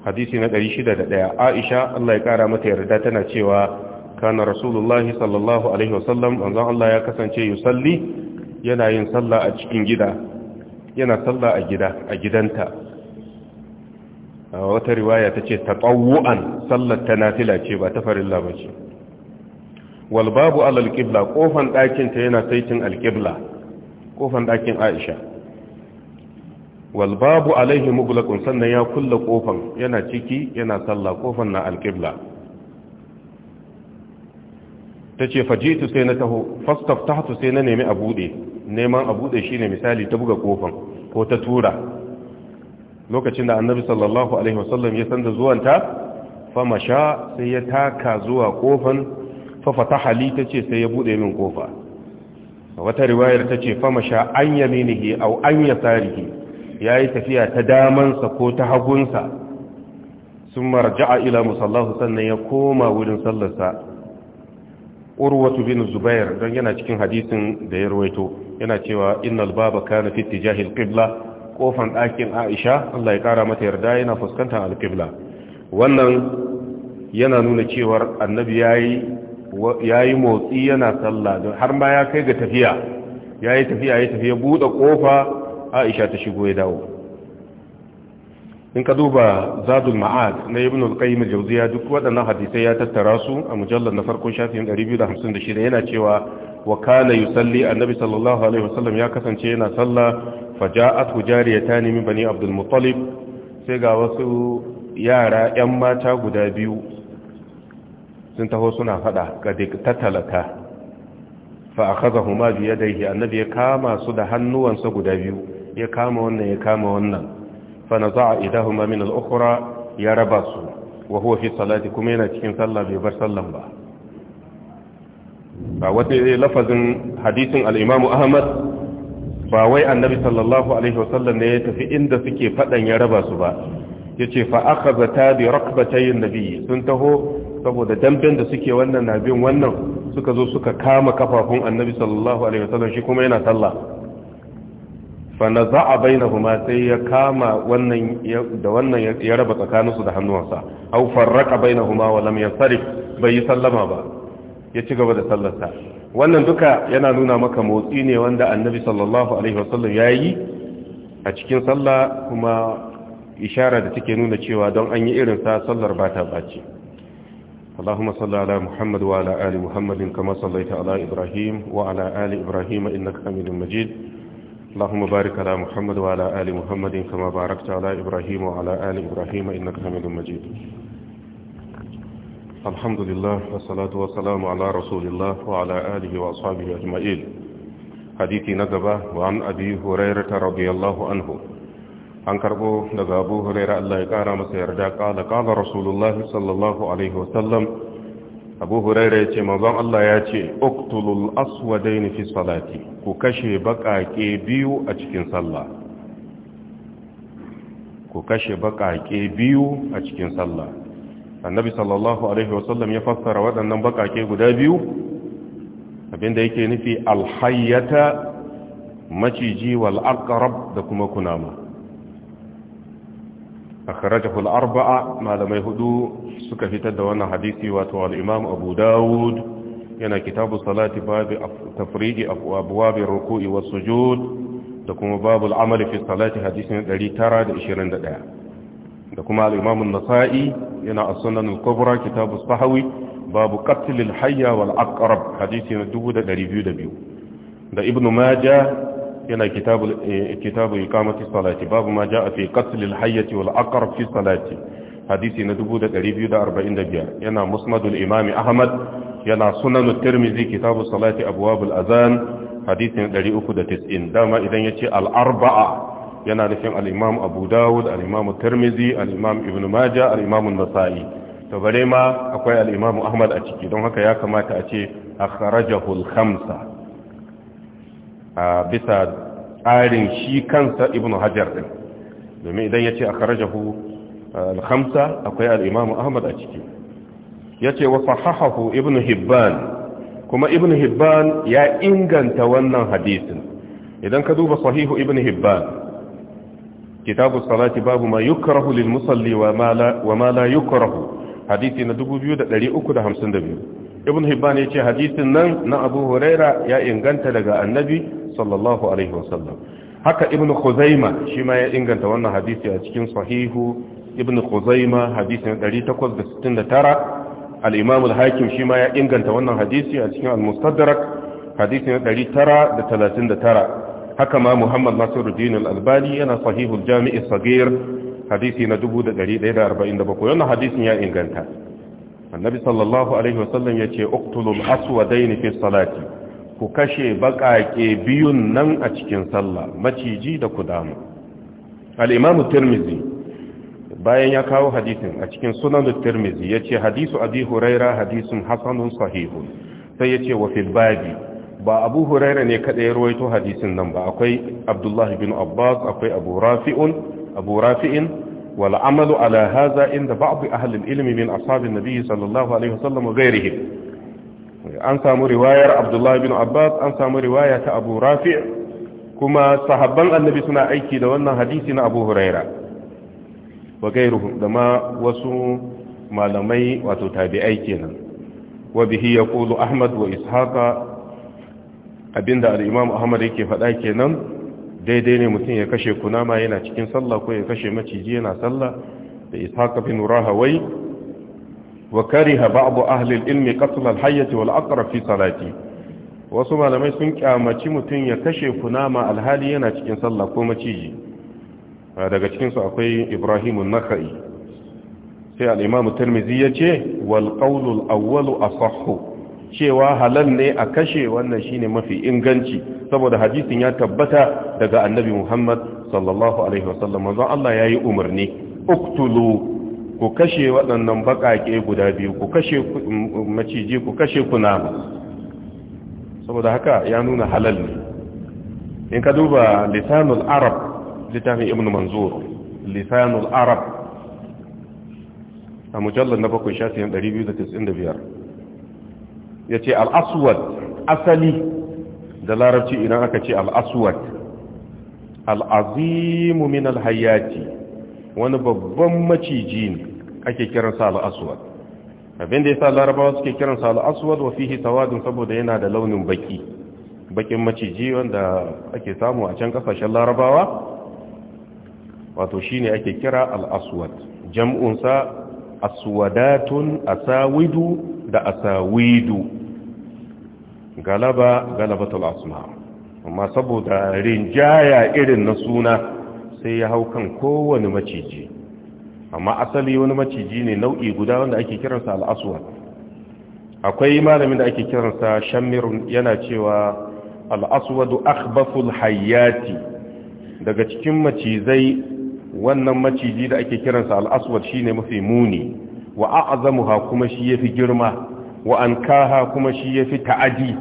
hadisi na 601 aisha Allah ya kara mata yarda tana cewa kana rasulullahi sallallahu alaihi wasallam wanzan Allah ya kasance yusalli yana yin sallah a cikin gida yana sallah a gida a gidanta a wata riwaya ta ce taɓawu'an sallar ta nafila ce ba ta farin ba walbabu al'alƙibla ƙofan ɗakinta yana saitin alƙibla ƙofan ɗakin aisha walbabu alaihi mugulakun sannan ya kulla ƙofan yana ciki yana sallah ƙofan na alƙibla ta ce fajitu sai na taho hatu sai na nemi a bude neman a bude shine misali ta buga kofan ko ta tura lokacin da annabi sallallahu alaihi wasallam ya sanda zuwanta sha sai ya taka zuwa kofan fa fataha li sai ya bude min kofa wata riwayar tace sha an yaminihi au an ya yayi tafiya ta damansa ko ta hagunsa sun marja'a ila musallahu sannan ya koma wurin sallarsa urwatu bin zubair don yana cikin hadisin da ya ruwaito yana cewa innal baba kana fi tijahil qibla kofan ɗakin aisha Allah ya kara mata yarda yana fuskantar alqibla wannan yana nuna cewa annabi yayi yayi motsi yana sallah don har ma ya kai ga tafiya yayi tafiya yayi tafiya bude kofa aisha ta shigo ya dawo in ka duba zadul ma'ad na ibn al-qayyim al-jawziya duk waɗannan hadisai ya tattara su a mujallar na farko shafin 256 yana cewa wa kana yusalli annabi sallallahu alaihi wasallam ya kasance yana sallah faja'at hujariyatan min bani abdul muttalib sai ga wasu yara 'yan mata guda biyu sun taho suna fada ga tatalaka fa akhadhahuma bi yadayhi annabi ya kama su da hannuwansa guda biyu ya kama wannan ya kama wannan فنزع إيداهما من الأخرى يا رباس وهو في صلاة كمينة كن صلى ببر صلى الله فوتي لفظ ba الإمام أحمد فوي النبي صلى الله عليه tafi inda suke fadan ya يا رباس با yace fa akhazata bi raqbatayn nabiy sun taho saboda damben da suke wannan nabin wannan suka zo suka kama kafafun annabi sallallahu alaihi wasallam shi kuma yana sallah za فنزع بينهما sai ya kama da wannan ya raba tsakaninsu da hannuwansa aw farraqa bainahuma wa lam yansarif bai yi sallama ba ya ci gaba da sallarsa wannan duka yana nuna maka motsi ne wanda annabi sallallahu alaihi wasallam yi a cikin sallah kuma ishara da take nuna cewa don an yi irinsa sallar ba ta bace اللهم صل على محمد وعلى آل محمد كما صليت على إبراهيم وعلى آل إبراهيم إنك حميد مجيد اللهم بارك على محمد وعلى آل محمد كما باركت على إبراهيم وعلى آل إبراهيم إنك حميد مجيد الحمد لله والصلاة والسلام على رسول الله وعلى آله وأصحابه أجمعين حديثي نقبة وعن أبي هريرة رضي الله عنه an karbo daga abu huraira Allah ya kara masa yarda kala kala rasulullah sallallahu alaihi wasallam abu huraira ya ce manzon Allah ya ce uktulul aswadain fi salati ku kashe bakake biyu a cikin sallah ku kashe bakake biyu a cikin sallah annabi sallallahu alaihi wasallam ya fassara waɗannan bakake guda biyu abinda yake nufi alhayyata maciji wal aqrab da kuma kunama akhrajahu arbaa malamai huɗu suka fitar da wannan hadisi wato al abu dawud yana kitabu salati babu tafriji abwabi ruku'i was sujud da kuma babu al-amali fi salati hadisin 921 da kuma al-imam an-nasa'i yana as-sunan al-kubra kitabu sahawi babu qatl al-hayya wal aqrab hadisin 2202 da ibnu Maja. yana kitabu eh, kitabu salati babu ma jaa fi qatl hayyati wal aqrab fi salati hadisi na 2245 yana musnad imam ahmad yana sunan at tirmidhi kitabu salati abwabul al hadisi na 390 dama idan yace al arba'a yana nufin al-imam abu dawud al-imam tirmidhi al-imam ibn majah al-imam an-nasa'i to bare ma akwai al-imam ahmad a ciki don haka ya kamata a ce akhrajahu al-khamsa A bisa tsarin shi kansa ibn hajar din domin idan ya ce a karajahu eh, alhamsa akwai al'imamu ahmad a ciki ya ce wa sahahahu ibn hibban kuma ibn hibban ya inganta wannan hadisin idan ka duba sahihu ibn hibban kitabu salati babu ma yukrahu lil musalli wa ma la yukrahu hadisi na 2352 ibn hibban ya ce hadisin nan na abu huraira ya inganta daga annabi sallallahu alaihi wasallam haka ibn khuzaima shi ma ya inganta wannan hadisi a cikin sahihu ibn khuzaima hadisin 869 al-imam al-hakim shi ma ya inganta wannan hadisi a cikin al-mustadrak hadisin 939 haka ma muhammad nasiruddin al-albani yana sahihu al-jami' as-saghir hadisi na 1147 wannan hadisin ya inganta annabi sallallahu alaihi wasallam yace uqtulul aswadaini fi salati ku kashe baƙaƙe biyun nan a cikin sallah maciji da kudama al'imamu tirmizi bayan ya kawo hadisin a cikin sunan tirmizi ya ce hadisu abi huraira hadisun hasanun sahihun sai ya ce wa ba abu huraira ne kaɗai ya rawaito hadisin nan ba akwai abdullahi bin abbas akwai abu rafi'un abu rafi'in wal amalu ala haza inda ba'd ahli al-ilmi min ashabin nabi sallallahu alaihi wasallam wa ghairihim an samu riwayar abdullah bin abbas an samu riwaya ta abu rafi kuma sahabban annabi suna aiki da wannan hadisi na abu huraira wa gairuhum da ma wasu malamai wato tabi'ai kenan wa bihi yaqulu ahmad wa ishaqa abinda al-imam ahmad yake faɗa kenan daidai ne mutum ya kashe kunama yana cikin sallah ko ya kashe maciji yana sallah da ishaqa bin rahawai wa kariha ba'du ahli ilmi qatl al-hayyati wal fi salati wasu malamai sun kyamaci mutum ya kashe kunama alhali yana cikin sallah ko maciji daga cikinsu akwai Ibrahim naka'i sai al-Imam Tirmidhi ce wal qawlu al a fahu cewa halal ne a kashe wannan shine mafi inganci saboda hadisin ya tabbata daga annabi Muhammad sallallahu alaihi wasallam manzo Allah yi umarni uktulu ku kashe waɗannan baƙaƙe guda biyu ku kashe mm, mm, maciji ku kashe kunama saboda haka ya nuna halal ne in ka duba lisanul arab littafin ibn manzur lisanul arab a mujallar na bakwai shafiyan 295 ya ce al'aswad asali da larabci idan aka ce al'aswad al'azimu min alhayati wani babban maciji ne ake kiransa al'aswad abin da ya sa larabawa suke kiransa al'aswad wa fihi tawadun saboda yana da launin baki bakin maciji wanda ake samu a can kasashen larabawa wato shine ake kira al'aswad jam'unsa aswadatun asawidu da asawidu galaba galabatul asma amma saboda rinjaya irin na suna sai ya hau kan kowane maciji amma asali wani maciji ne nau'i guda wanda ake kiransa al'aswad akwai malamin da ake kiransa shamirun yana cewa al'aswadu akhbaful hayyati daga cikin macizai wannan maciji da ake kiransa al'aswad shine mafi muni wa a'azamuha kuma shi yafi girma wa ankaha kuma shi yafi ta'adi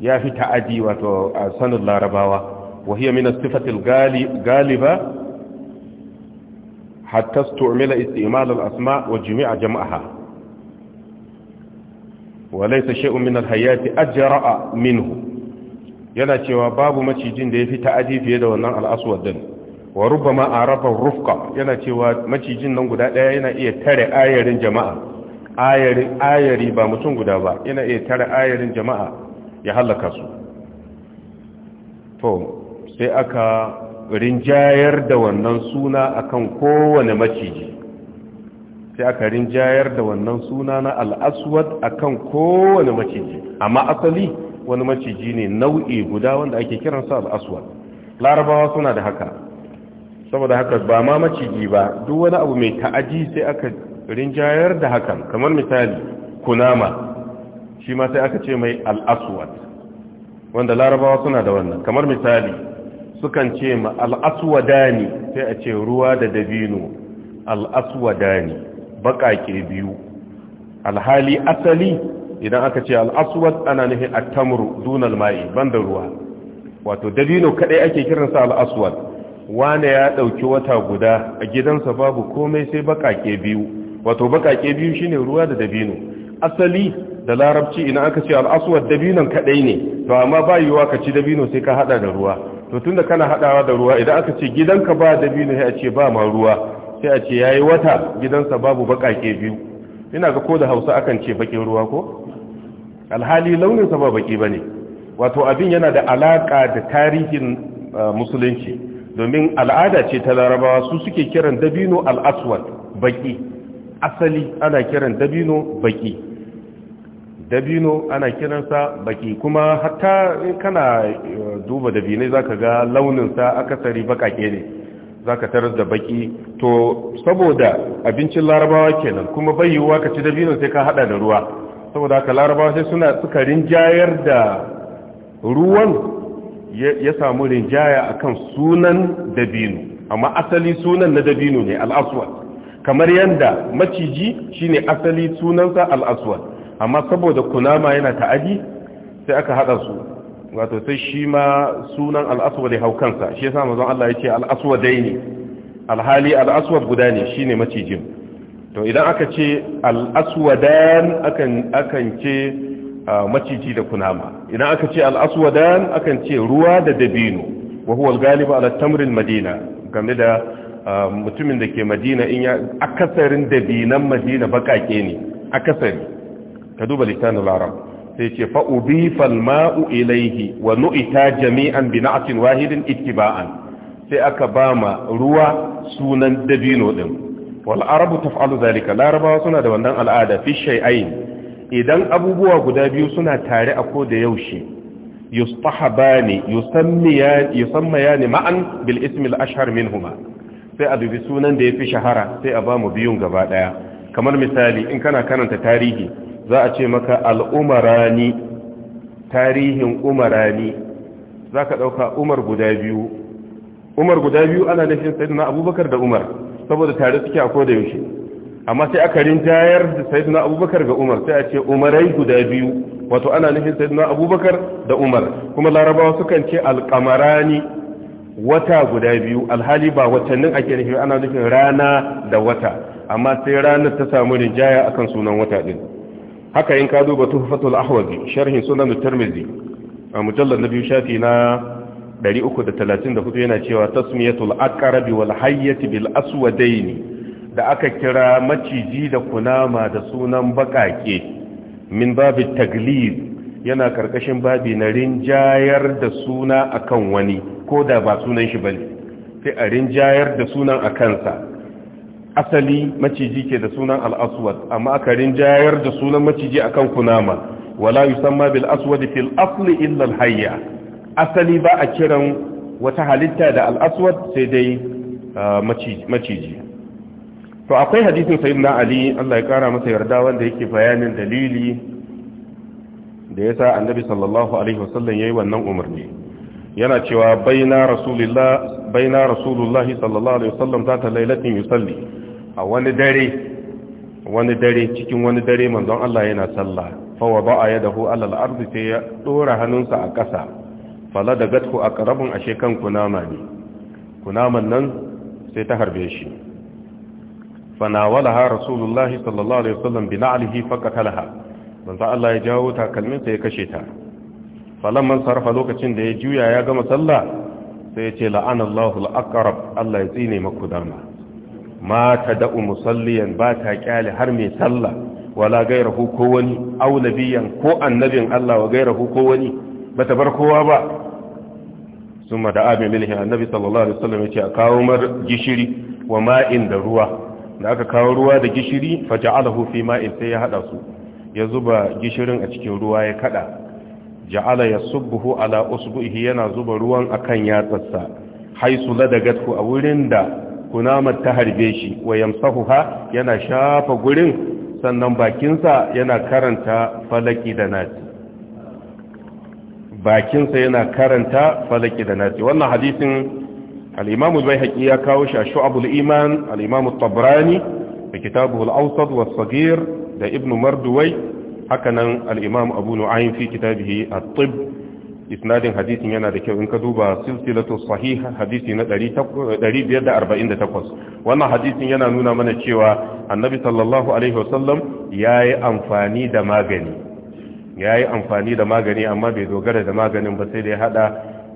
yafi ta'adi wato sanin larabawa wa hiya min as galiba hatta stu'mila isti'mal al-asma wa jami'a jama'aha wa laysa shay'un min al-hayati ajra'a minhu yana cewa babu macijin da ya fi ta'adi fiye da wannan al-aswad din wa rubbama arafa yana cewa macijin nan guda daya yana iya tare ayarin jama'a ayari ba mutum guda ba yana iya tare ayarin jama'a ya halaka su to sai aka rinjayar da wannan suna akan kowane maciji sai aka rinjayar da wannan suna na al'aswad kan kowane maciji amma asali wani maciji ne nau'i guda wanda ake kiransa al'aswad larabawa suna da haka saboda haka ba ma maciji ba duk wani abu mai ta'aji sai aka rinjayar da hakan kamar misali kunama shi ma sai aka ce mai al'aswad wanda larabawa suna da wannan kamar misali sukan ce ma al'aswadani sai a ce ruwa da dabino al'aswadani baƙaƙe biyu alhali asali idan aka ce al'aswad ana nufin attamuru dunal ma'i da ruwa wato dabino kaɗai ake kiransa al'aswad wane ya ɗauki wata guda a gidansa babu komai sai baƙaƙe biyu wato baƙaƙe biyu shine ruwa da dabino asali da larabci idan aka ce al'aswad dabinon kaɗai ne to amma ba yiwuwa ka ci dabino sai ka haɗa da ruwa to tunda kana hadawa da ruwa idan aka ce gidanka ba dabino sai a ce ba ma ruwa sai a ce yayi wata gidansa babu bakake biyu ina ga ko da Hausa akan ce bakin ruwa ko alhali launin sa ba baki bane wato abin yana da alaka da tarihin uh, musulunci domin al'ada ce ta larabawa su suke kiran dabino al-aswad baki asali ana kiran dabino baki dabino ana kiransa baki kuma hatta kana eh, duba dabinai ka ga launin launinsa akasari bakake ne za ka tarar da baki to saboda abincin larabawa kenan kuma bayyuwa ka ci dabino sai ka hada da ruwa saboda haka larabawa sai suna suka rinjayar da ruwan ya samu rinjaya akan sunan dabino amma asali sunan na dabino ne al kamar yadda maciji shine asali sunansa al-aswad amma saboda kunama yana ta'adi sai aka hada su wato sai shi ma sunan al'aswa da haukansa shi yasa manzon Allah ya ce al'aswa dai ne alhali al'aswa guda ne shine macijin to idan aka ce al'aswadan akan akan ce maciji da kunama idan aka ce al'aswadan akan ce ruwa da dabino wa huwa al-ghalib ala tamr madina game da mutumin da ke madina in ya akasarin dabinan madina bakake ne akasari ka duba lisanul arab sai ce fa udifa alma'u ilayhi wa nu'ita jami'an bi na'tin wahidin ittiba'an sai aka bama ruwa sunan dabino ɗin wal arabu taf'alu zalika larabawa suna da wannan al'ada fi shay'ain idan abubuwa guda biyu suna tare a ko da yaushe yustahabani yusammayani ma'an bil ismi al-ashhar minhuma sai a dubi sunan da ya fi shahara sai a ba mu biyun gaba daya kamar misali in kana karanta tarihi za a ce maka al'umarani tarihin umarani za ka ɗauka umar guda biyu umar guda biyu ana nufin na abubakar da umar saboda tare suke a koda yaushe amma sai aka rinjayar da na abubakar ga umar sai a ce umarai guda biyu wato ana nufin na abubakar da umar kuma larabawa sukan ce alƙamarani wata guda biyu alhali ba watannin ake nufi ana nufin rana da wata amma sai ranar ta samu rinjaya akan sunan wata din haka in ka duba tufafatul ahwazi sharhin sunan tirmidhi a mujallad na biyu shafi na 334 yana cewa tasmiyatul aqrabi wal hayyati bil aswadaini da aka kira maciji da kunama da sunan bakake min babit taglib yana karkashin babi na rinjayar da suna akan wani ko da ba sunan shi bane sai a rinjayar da sunan akansa asali maciji ke da sunan al-aswad amma aka rinjayar da sunan maciji a kan kunama wala yusamma bil aswad fil asli illa hayya asali ba a kiran wata halitta da alaswad sai dai ah, maciji to akwai hadisin sayyidina ali Allah ya kara masa yarda wanda yake bayanin dalili da yasa annabi sallallahu alaihi wasallam yi wannan umarni yana cewa baina na rasulullahi sallallahu alaihi wasallam ta lailatin yusalli a wani dare wani dare cikin wani dare manzon Allah yana sallah fa ya dahu ala al-ard sai ya dora hannunsa a ƙasa fala da gatku aqrabun ashe kan kunama ne kunaman nan sai ta harbe shi fa nawalaha rasulullah sallallahu alaihi wasallam bi na'lihi fa qatalaha manzon Allah ya jawo takalmin sai ya kashe ta man sarfa lokacin da ya juya ya gama sallah sai ya ce la'anallahu al-aqrab Allah ya tsine maku dama ma ta da'u musalliyan ba ta kyale har mai talla. wala gairahu ko wani au nabiyan ko annabin Allah wa gairahu ko wani bata bar kowa ba Suma da abin milhi annabi sallallahu alaihi wasallam yace a kawo mar gishiri wa ma'in da ruwa da aka kawo ruwa da gishiri ja'alahu fi ma'in sai ya hada su ya zuba gishirin a cikin ruwa ya kada ja'ala yasubbuhu ala usbuhi yana zuba ruwan akan yatsarsa haisu ladagatku a wurin da kunamar ta harbe shi wa yamsahuha yana shafa gurin sannan bakinsa yana karanta falaki da nati bakinsa yana karanta falaki da nati wannan hadisin al-imamu bai ya kawo shi a shu'abul iman al-imamu tabrani da kitabu al-awsad wa da ibnu marduwai hakanan al-imamu abu nu'ayn fi kitabihi at-tibb isnadin hadisin yana da kyau in ka duba silsilatu sahiha hadisi na 548 wannan hadisin yana nuna mana cewa annabi sallallahu alaihi wasallam yayi amfani da magani yayi amfani da magani amma bai dogara da maganin ba sai da ya hada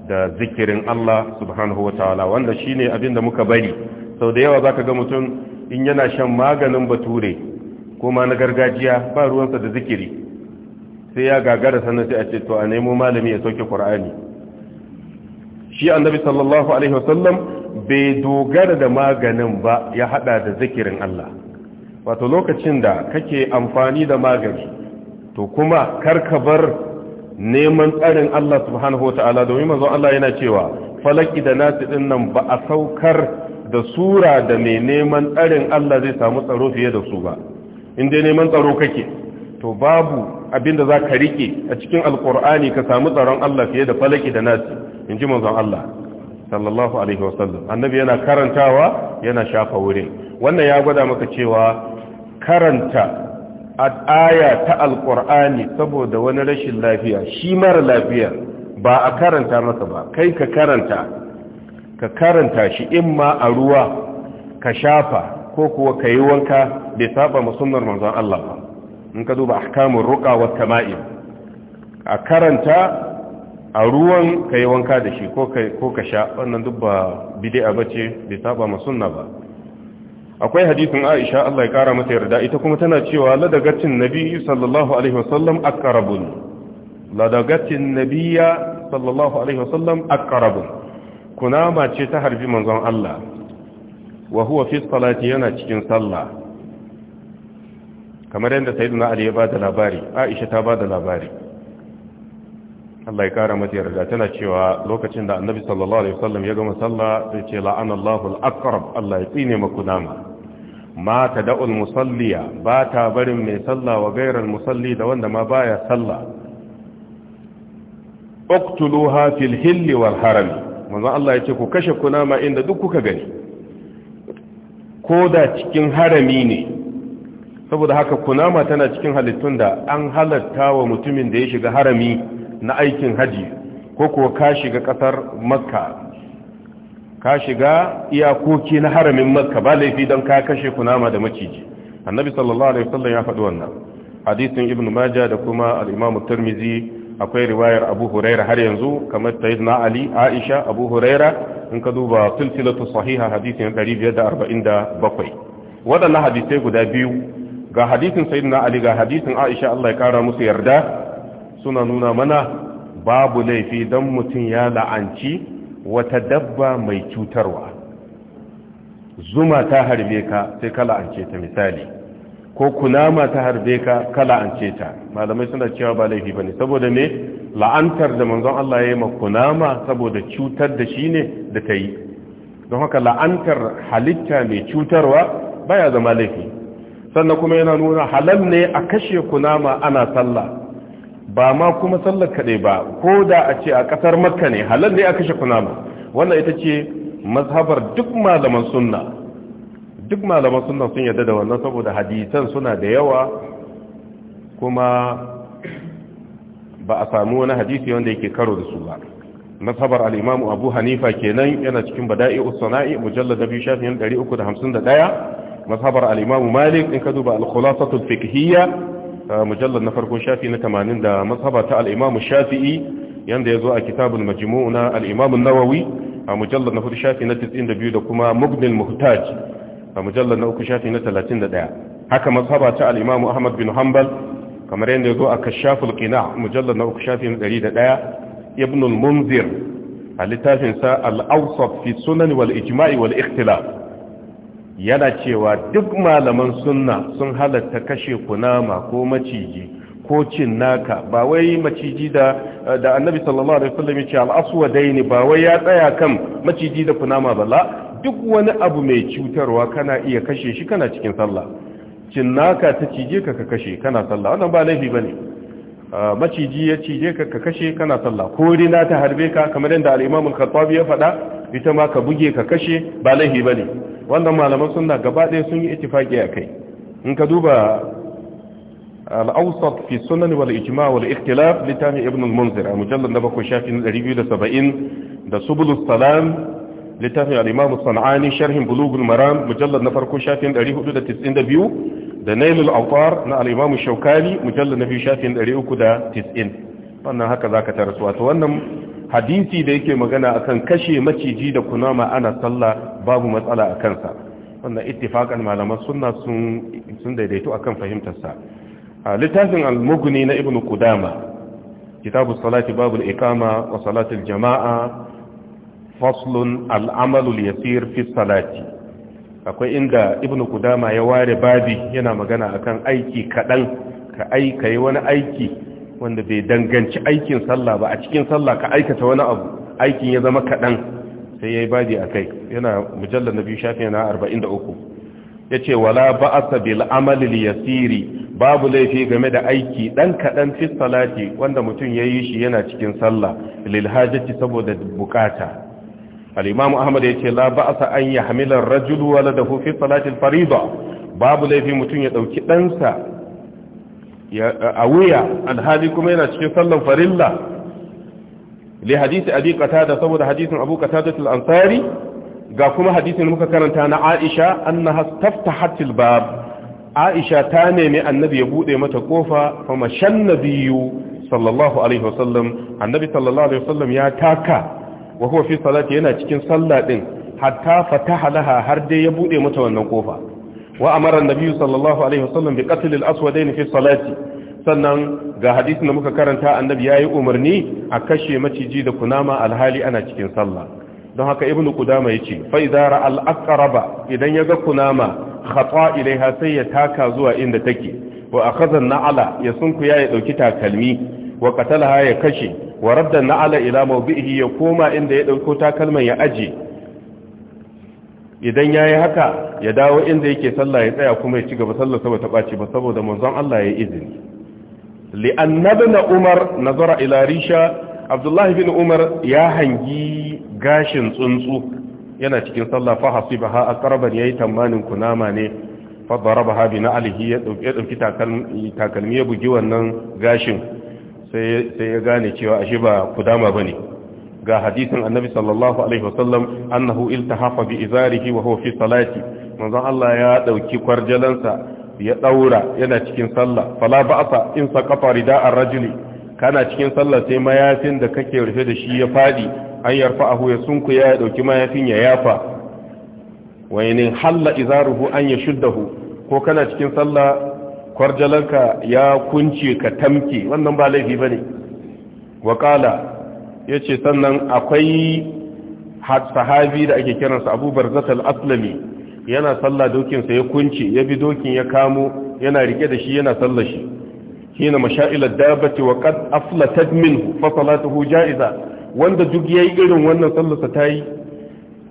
da zikirin Allah subhanahu wataala wanda shine abin da muka bari sau da yawa zaka ga mutum in yana shan maganin bature koma na gargajiya ba ruwansa da zikiri sai ya gagara sannan sai a ce to a nemo malami ya sauke qur'ani shi annabi sallallahu alaihi wasallam bai dogara da maganin ba ya hada da zikirin Allah wato lokacin da kake amfani da magani to kuma karka bar neman tsarin Allah subhanahu wataala domin manzon Allah yana cewa falaki da nasi din nan ba a saukar da sura da mai neman tsarin Allah zai samu tsaro fiye da su ba in dai neman tsaro kake to babu abinda za ka riƙe a cikin alƙur'ani ka samu tsaron Allah fiye da falaki da nasi in ji manzon Allah sallallahu alaihi wasallam annabi yana karantawa yana shafa wurin wannan ya gwada maka cewa karanta aya ta alƙur'ani saboda wani rashin lafiya shi mara lafiya ba a karanta masa ba kai ka karanta ka karanta shi imma a ruwa ka shafa ko kuwa ka yi wanka bai saba musulmar manzon Allah ba in ka duba ahkamun ruqa wa tama'im a karanta a ruwan ka yi wanka da shi ko ka sha wannan duk ba bid'a bace bai saba ma sunna ba akwai hadisin Aisha Allah ya kara mata yarda ita kuma tana cewa ladagacin nabi sallallahu alaihi wasallam aqrabun ladagacin nabiyya sallallahu alaihi wasallam aqrabun kunama ce ta harbi manzon Allah wa huwa fi salati yana cikin sallah kamar yadda sayyiduna ali ya bada labari aisha ta bada labari Allah ya kara mata yarda tana cewa lokacin da annabi sallallahu alaihi wasallam ya gama sallah sai ce la'anallahu akrab al-aqrab Allah ya tsine ma kunama ma tada'ul musalliya ba ta barin mai sallah wa gairar musalli da wanda ma baya sallah uqtuluha fil hilli wal harami manzo Allah ya ce ku kashe kunama inda duk kuka gani ko da cikin harami ne saboda haka kunama tana cikin halittun da an halatta wa mutumin da ya shiga harami na aikin haji ko kuwa ka shiga kasar makka ka shiga iyakoki na haramin makka ba laifi don ka kashe kunama da maciji annabi sallallahu alaihi wasallam ya faɗi wannan hadisin ibn majah da kuma al-imam tirmidhi akwai riwayar abu hurairah har yanzu kamar sayyidina ali aisha abu hurairah in ka duba silsilatu sahiha hadisin 547 wadannan hadisai guda biyu ga hadisin sayyidina ali ga hadisin aisha Allah ya kara musu yarda suna nuna mana babu laifi don mutum ya la'anci wata dabba mai cutarwa zuma ta harbe ka sai ka la'ance ta misali ko kunama ta harbe ka ka la'ance ta malamai suna cewa ba laifi bane saboda me la'antar da manzon Allah ya yi ma kunama saboda cutar da shi ne da ta yi don haka la'antar halitta mai cutarwa baya zama laifi sannan kuma yana nuna halal ne a kashe kunama ana sallah ba ma kuma sallar kaɗai ba ko da a ce a ƙasar makka ne halal ne a kashe kunama wannan ita ce mazhabar duk malaman sunna duk malaman sunna sun yarda da wannan saboda hadisan suna da yawa kuma ba a samu wani hadisi wanda yake karo da su ba mazhabar al-imamu abu hanifa kenan yana cikin bada'i us-sana'i mujallad mazhabar al'imamu malik in ka duba al-khulasatul fiqhiyya mujallad na farko shafi na 80 da mazhaba ta al shafi'i yanda yazo a kitabul majmu' na al-imam nawawi a mujallad na hudu shafi na 92 da kuma mughnil muhtaj a mujallad na uku shafi na 31 haka mazhaba ta al ahmad bin hambal kamar yanda zo a kashaful qina mujallar na uku shafi na munzir a littafinsa al sunan wal ijma'i wal ikhtilaf yana cewa duk malaman sunna sun halatta kashe kunama ko maciji ko cin naka ba wai maciji da da annabi sallallahu alaihi wasallam yace al-aswadaini ba wai ya tsaya kan maciji da kunama ba la duk wani abu mai cutarwa kana iya kashe shi kana cikin sallah cin naka ta cije ka ka kashe kana sallah wannan ba laifi bane maciji ya cije ka ka kashe kana sallah ko rina ta harbe ka kamar yadda al-imam al-khattabi ya faɗa ita ma ka buge ka kashe ba laifi ba ne wannan malaman suna gaba ɗaya sun yi a kai in ka duba al-awsat fi sunan wal ijma' wal ikhtilaf li ibn al-munzir a mujallad na bakwai shafi na 270 da subul salam littafin al-imam sanani sharhin bulugul maram mujallar na farko shafin hudu da tisin da Da biyu. nailul awtar na al-imam shaukani mujallad na biyu shafin tisin wannan haka za ka zaka tarasu wato wannan hadisi da yake magana akan kashe maciji da kunama ana sallah babu matsala a kansa wanda ittifakan malaman sunna sun sun daidaito akan fahimtarsa littafin al muguni na ibnu qudama kitabu salati babu al-iqama wa salati al-jama'a faslun al-amalu al-yasir fi salati akwai inda ibnu qudama ya ware babi yana magana akan aiki kadan ka aika yi wani aiki wanda bai danganci aikin sallah ba a cikin sallah ka aikata wani abu aikin ya zama kaɗan sai ya yi baji a kai yana mujallar na biyu shafi na arba'in da uku ya ce wala ba'asa bil amalil yasiri babu laifi game da aiki ɗan kaɗan fi salati wanda mutum ya yi shi yana cikin sallah lil hajjati saboda bukata al-imam ahmad ya ce la ba'asa an ya hamilar rajulu waladahu fi salati al babu laifi mutum ya ɗauki ɗansa a wuya alhali kuma yana cikin sallan farilla li hadisi abi qatada saboda hadisin abu qatada al-ansari ga kuma hadisin muka karanta na Aisha annaha taftahat al-bab Aisha ta nemi annabi ya bude mata kofa fa mashan nabiyyu sallallahu alaihi wasallam annabi sallallahu alaihi wasallam ya taka wa huwa fi salati yana cikin sallah din hatta fataha laha har dai ya bude mata wannan kofa wa amara annabi sallallahu alaihi wasallam bi qatl al na fi sannan ga hadisin da muka karanta annabi ya yi umarni a kashe maciji da kunama alhali ana cikin sallah don haka ibnu qudama yace fa idza ra al-aqraba idan yaga kunama khata ilaiha sai ya taka zuwa inda take wa akhadha an-na'ala ya sunkuya ya dauki takalmi wa qatalaha ya kashe wa radda naala ila mawdihi ya koma inda ya dauko takalman ya aje idan ya yi haka ya dawo inda yake sallah ya tsaya kuma ya ci gaba sallar saboda ta baci ba saboda manzon Allah ya yi izini li annabna umar nazara ila risha abdullahi bin umar ya hangi gashin tsuntsu yana cikin sallah fa hasibaha aqraban yayi tamanin kunama ne fa darabaha bi na'lihi ya dauki takalmi ya bugi wannan gashin sai ya gane cewa ashe ba kudama bane ga hadisin annabi sallallahu alaihi wasallam annahu iltahafa bi izarihi wa huwa fi salati manzon Allah ya dauki kwarjalansa ya daura yana cikin sallah fala ba'sa in saqata rida'ar rajuli kana cikin sallah sai mayafin da kake rufe da shi ya fadi an yarfa'ahu ya sunku ya dauki mayafin ya yafa wa in halla izaruhu an yashuddahu ko kana cikin sallah kwarjalanka ya kunce ka tamke wannan ba laifi bane wa qala ya ce sannan akwai sahabi da ake kiransa abubuwar zatal aslami yana sallah dokinsa ya kunce ya bi dokin ya kamo yana rike da shi yana sallah shi hina masha'ilar dabati wa qad tadmin fasala ta salatuhu ja'iza wanda duk yi irin wannan sallarsa ta yi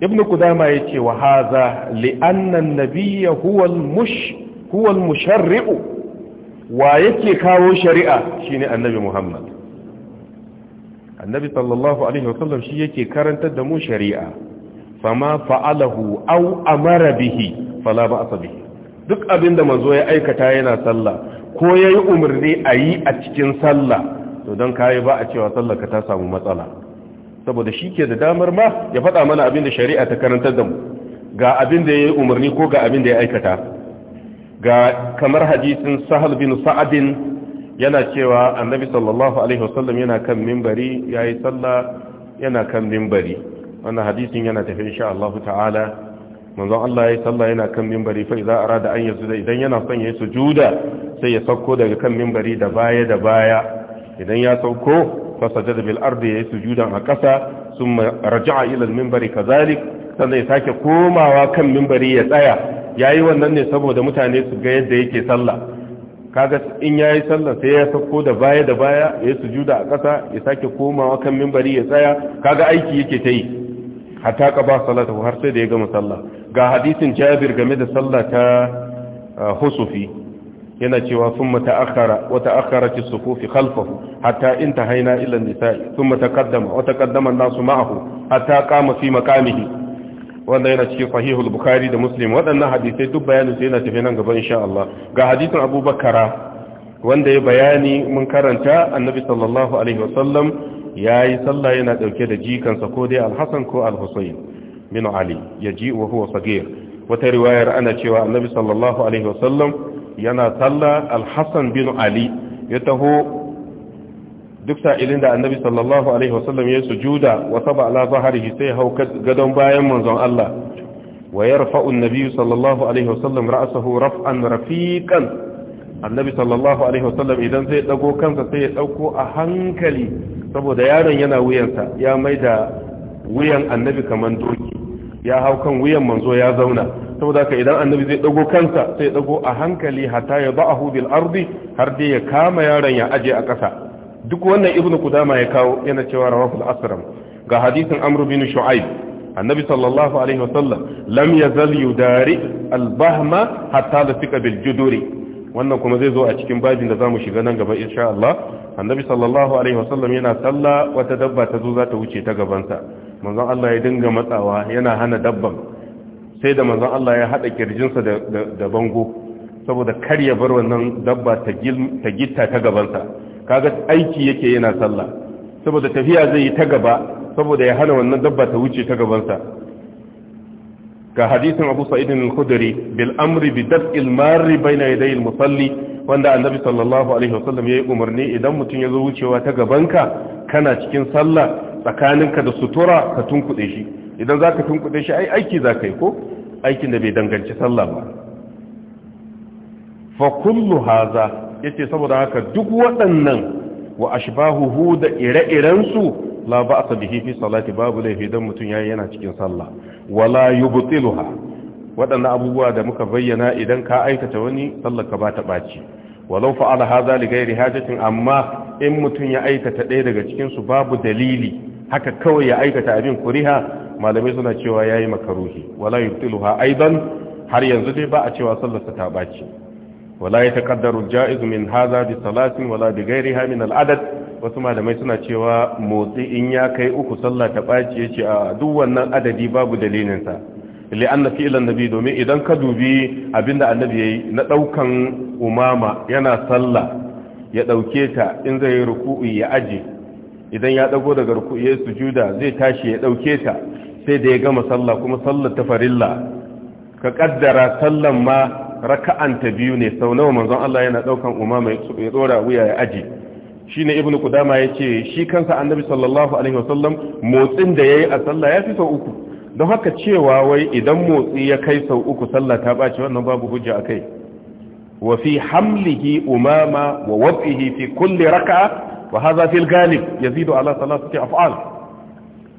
ibnu kudama ya wa hadha li anna an musharriu wa yake kawo shari'a shine annabi muhammad annabi sallallahu alaihi wasallam shi yake karantar da mu shari'a fama fa'alahu aw amara bihi fala ba'sa bihi duk abinda manzo ya aikata yana sallah ko yayi umarni yi a cikin sallah to dan kai ba a cewa sallar ka ta samu matsala saboda shi ke da damar ma ya faɗa mana abinda shari'a ta karantar da mu ga abinda yayi umarni ko ga abinda ya aikata ga kamar hadisin sahal bin sa'adin yana cewa annabi sallallahu alaihi wasallam yana kan mimbari yayi sallah yana kan mimbari wannan hadisin yana tafi insha Allah ta'ala manzo Allah yayi sallah yana kan mimbari fa idza arada an yasuda idan yana son yayi sujuda sai ya sauko daga kan mimbari da baya da baya idan ya sauko fa sajada bil ardi yayi sujudan a kasa thumma raja'a ila al mimbari kadhalik sannan ya sake komawa kan mimbari ya tsaya yayi wannan ne saboda mutane su ga yadda yake sallah kaga in ya yi sallah sai ya sako da baya da baya ya sujuda a ƙasa ya sake komawa kan minbari ya tsaya kaga aiki yake ta yi hatta qaba salatahu har sai da ya gama sallah ga hadisin Jabir game da sallah ta husufi yana cewa sun thumma ta'akhkhara wa ta'akhkharat as-sufuf khalfahu hatta intahaina ila an-nisa'i thumma taqaddama wa taqaddama an-nasu ma'ahu hatta kama fi maqamihi wanda yana cikin sahihul bukhari da muslim waɗannan hadisai duk bayanin sai yana tafi nan gaba insha Allah ga hadisin abubakara wanda ya bayani mun karanta annabi sallallahu alaihi wasallam yayi sallah yana dauke da jikansa ko dai al-hasan ko al-husayn min ali yaji wa huwa sagir wata riwayar ana cewa annabi sallallahu alaihi wasallam yana sallah al-hasan bin ali ya taho duk sa'ilin da annabi sallallahu alaihi wasallam ya sujuda wa saba ala zahrihi sai hau gadon bayan manzon Allah wa yarfa'u an-nabi sallallahu alaihi wasallam ra'sahu raf'an rafiqan annabi sallallahu alaihi wasallam idan zai dago kansa sai ya dauko a hankali saboda yaron yana wuyansa ya maida wuyan annabi kaman doki ya hau kan wuyan manzo ya zauna saboda ka idan annabi zai dago kansa sai ya dago a hankali hatta ya ba'ahu bil ardi har dai ya kama yaron ya aje a ƙasa duk wannan ibn kudama ya kawo yana cewa rawahul asram ga hadisin amru bin shu'aib annabi sallallahu alaihi wasallam lam yazal yudari al-bahma hatta lafiqa bil juduri wannan kuma zai zo a cikin babin da zamu shiga nan gaba insha Allah annabi sallallahu alaihi wasallam yana salla wata dabba ta zo za ta wuce ta gabansa manzon Allah ya dinga matsawa yana hana dabban sai da manzon Allah ya hada kirjinsa da da bango saboda kar ya bar wannan dabba ta gitta ta gabansa kaga aiki yake yana sallah saboda tafiya zai yi ta gaba saboda ya hana wannan dabba ta wuce ta gabansa Ga hadisin abu sa'id al-khudri bil amri bi daf'il marri bayna yaday al-musalli wanda annabi sallallahu alaihi wasallam yayi umarni idan mutum ya zo wucewa ta gabanka kana cikin sallah tsakaninka da sutura ka tunkuɗe shi idan zaka tunkuɗe shi ai aiki zaka yi ko aikin da bai danganci sallah ba fa kullu hadha ce saboda haka duk waɗannan wa ashbahuhu da ire-irensu la ba'sa bihi fi salati babu laifi dan mutum yayi yana cikin sallah wala yubtiluha waɗannan abubuwa da muka bayyana idan ka aikata wani sallar ka ba ta ɓaci walau fa'ala hadha li ghairi hajatin amma in mutum ya aikata ɗaya daga cikin su babu dalili haka kawai ya aikata abin kuriha malamai suna cewa yayi makaruhi wala yubtiluha aidan har yanzu dai ba a cewa sallar ta ɓaci wala ya taƙaddaru ja'izu min haza bi salatin wala bi gairiha min al'adad wasu malamai suna cewa motsi in ya kai uku sallah ta ɓaci ya ce a duk wannan adadi babu dalilinsa li'anna fi'lan nabi domin idan ka dubi abinda annabi yayi na ɗaukan umama yana sallah ya ɗauke ta in zai yi ruku'u ya aje idan ya dago daga ruku'u ya sujuda zai tashi ya ɗauke ta sai da ya gama sallah kuma sallar ta farilla ka kaddara sallan ma raka'anta biyu ne sau nawa manzon Allah yana daukan umama ya tsora wuya ya aji shine ibn kudama yace shi kansa annabi sallallahu alaihi wasallam motsin da yayi a sallah ya fi sau uku don haka cewa wai idan motsi ya kai sau uku sallah ta baci wannan babu hujja akai wa fi hamlihi umama wa wad'ihi fi kulli raka'a wa hadha fil ghalib yazidu ala thalathati af'al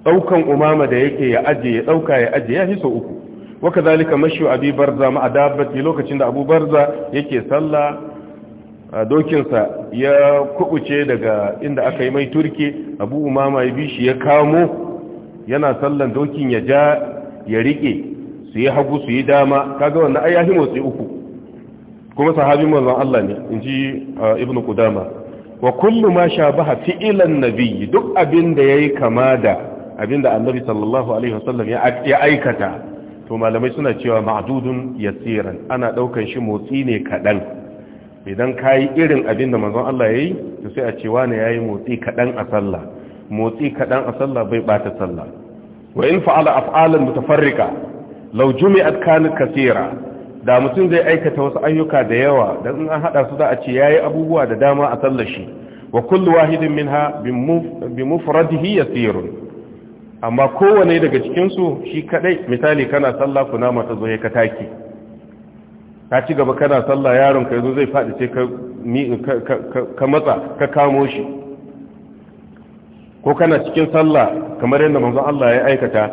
daukan umama da yake ya aje ya dauka ya aje ya fi sau uku waka zalika mashu abi barza ma adabati lokacin da abu barza yake sallah dokinsa ya kubuce daga inda aka yi mai turke abu umama ya bishi ya kamo yana sallan dokin ya ja ya rike su yi hagu su yi dama kaga wannan ayahi motsi uku kuma sahabi manzon Allah ne inji ibnu qudama wa kullu ma shabaha fi'lan nabiyyi duk abin da yayi kama da abin da annabi sallallahu alaihi wasallam ya aikata to malamai suna cewa ma'dudun yasiran ana daukan shi motsi ne kadan idan kai irin abin da manzon Allah yayi to sai a ce wani yayi motsi kadan a sallah motsi kadan a sallah bai bata sallah wa in fa'ala af'alan mutafarrika law jumi'at kanat kaseera da mutum zai aikata wasu ayyuka da yawa dan in an hada su za a ce yayi abubuwa da dama a sallar shi wa kullu wahidin minha bi mufradihi yasirun amma kowane daga cikinsu shi kadai misali kana sallah kuna mata zo ya ka ka ci gaba kana sallah yaron ka zai faɗi ce ka matsa ka kamo shi ko kana cikin sallah kamar yadda manzon Allah ya aikata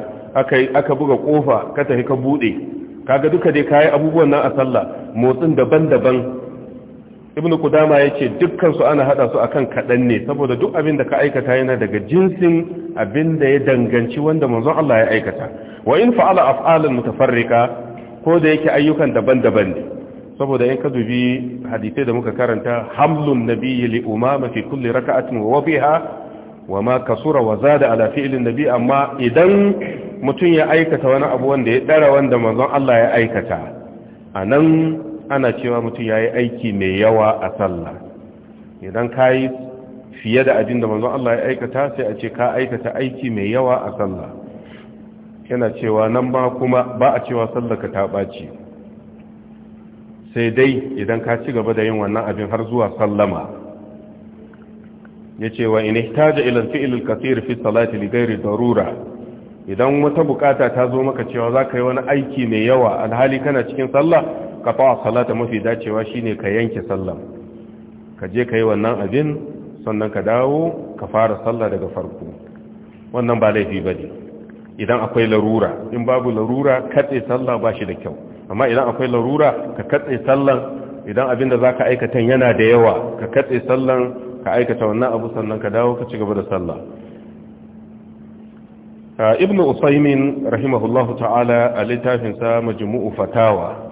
aka buga kofa ka tafi ka bude kaga duka dai kayi abubuwan nan a sallah motsin daban-daban ibn kudama ya ce dukkansu ana hada su akan kaɗan ne saboda duk abin da ka aikata yana daga jinsin abin da ya danganci wanda manzon Allah ya aikata wa in fa'ala af'alan mutafarrika ko da yake ayyukan daban-daban ne saboda in ka dubi hadisai da muka karanta hamlun nabiyyi li umama fi kulli raka'atin wa biha wa ma kasura wa zada ala fi'lin nabi amma idan mutum ya aikata wani abu wanda ya dara wanda manzon Allah ya aikata anan ana cewa mutum ya yi aiki mai yawa a sallah idan ka yi fiye da abin da manzon Allah ya aikata sai a ce ka aikata aiki mai yawa a sallah yana cewa nan ba kuma ba a cewa sallaka ta ɓaci sai dai idan ka ci gaba da yin wannan abin har zuwa sallama ya ce wa ina hitaja ilan fi'ilil kasir fi salati li darura idan wata bukata ta zo maka cewa za ka yi wani aiki mai yawa alhali kana cikin sallah qata salata mafi dacewa shine ka yanke sallah ka je yi wannan abin sannan ka dawo ka fara sallah daga farko wannan ba laifi bane idan akwai larura in babu larura katse sallah ba shi da kyau amma idan akwai larura ka katse sallah idan abin da za ka aikatan yana da yawa ka katse sallan ka aikata wannan abu sannan ka dawo ka ci gaba da sallah ah, ibn usaimin rahimahullahu ta'ala a littafinsa majmu'u fatawa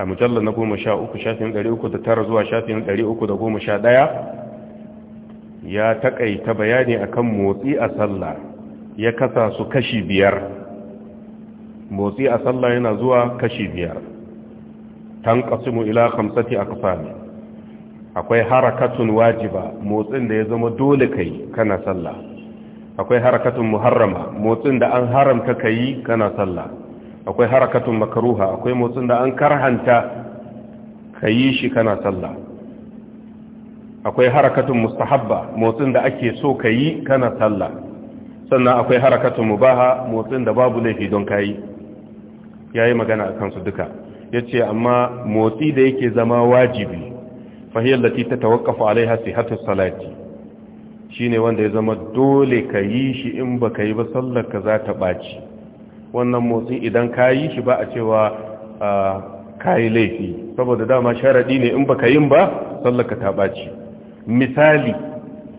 a mujallar na goma sha uku shafin ɗari uku da tara zuwa shafin ɗari uku da goma sha ɗaya ya taƙaita bayani akan motsi a sallah ya kasa su kashi biyar motsi a sallah yana zuwa kashi biyar tan ƙasimu ila hamsati a ƙasami akwai harakatun wajiba motsin da ya zama dole kai kana sallah akwai harakatun muharrama motsin da an haramta kai kana sallah akwai harakatun makaruha akwai motsin da an karhanta ka yi shi kana sallah akwai harakatun mustahabba motsin da ake so ka yi kana sallah sannan akwai harakatun mubaha motsin da babu laifi don ka yi ya yi magana a kansu duka ya ce amma motsi da yake zama wajibi fahiyar lati ta tawakafa hasi sihatu salati shine wanda ya zama dole ka yi shi in ba ka yi ba sallar ka za ta ɓaci wannan motsin idan ka yi shi ba a cewa ka yi laifi saboda dama sharaɗi ne in baka yin ba sallaka ta ɓaci misali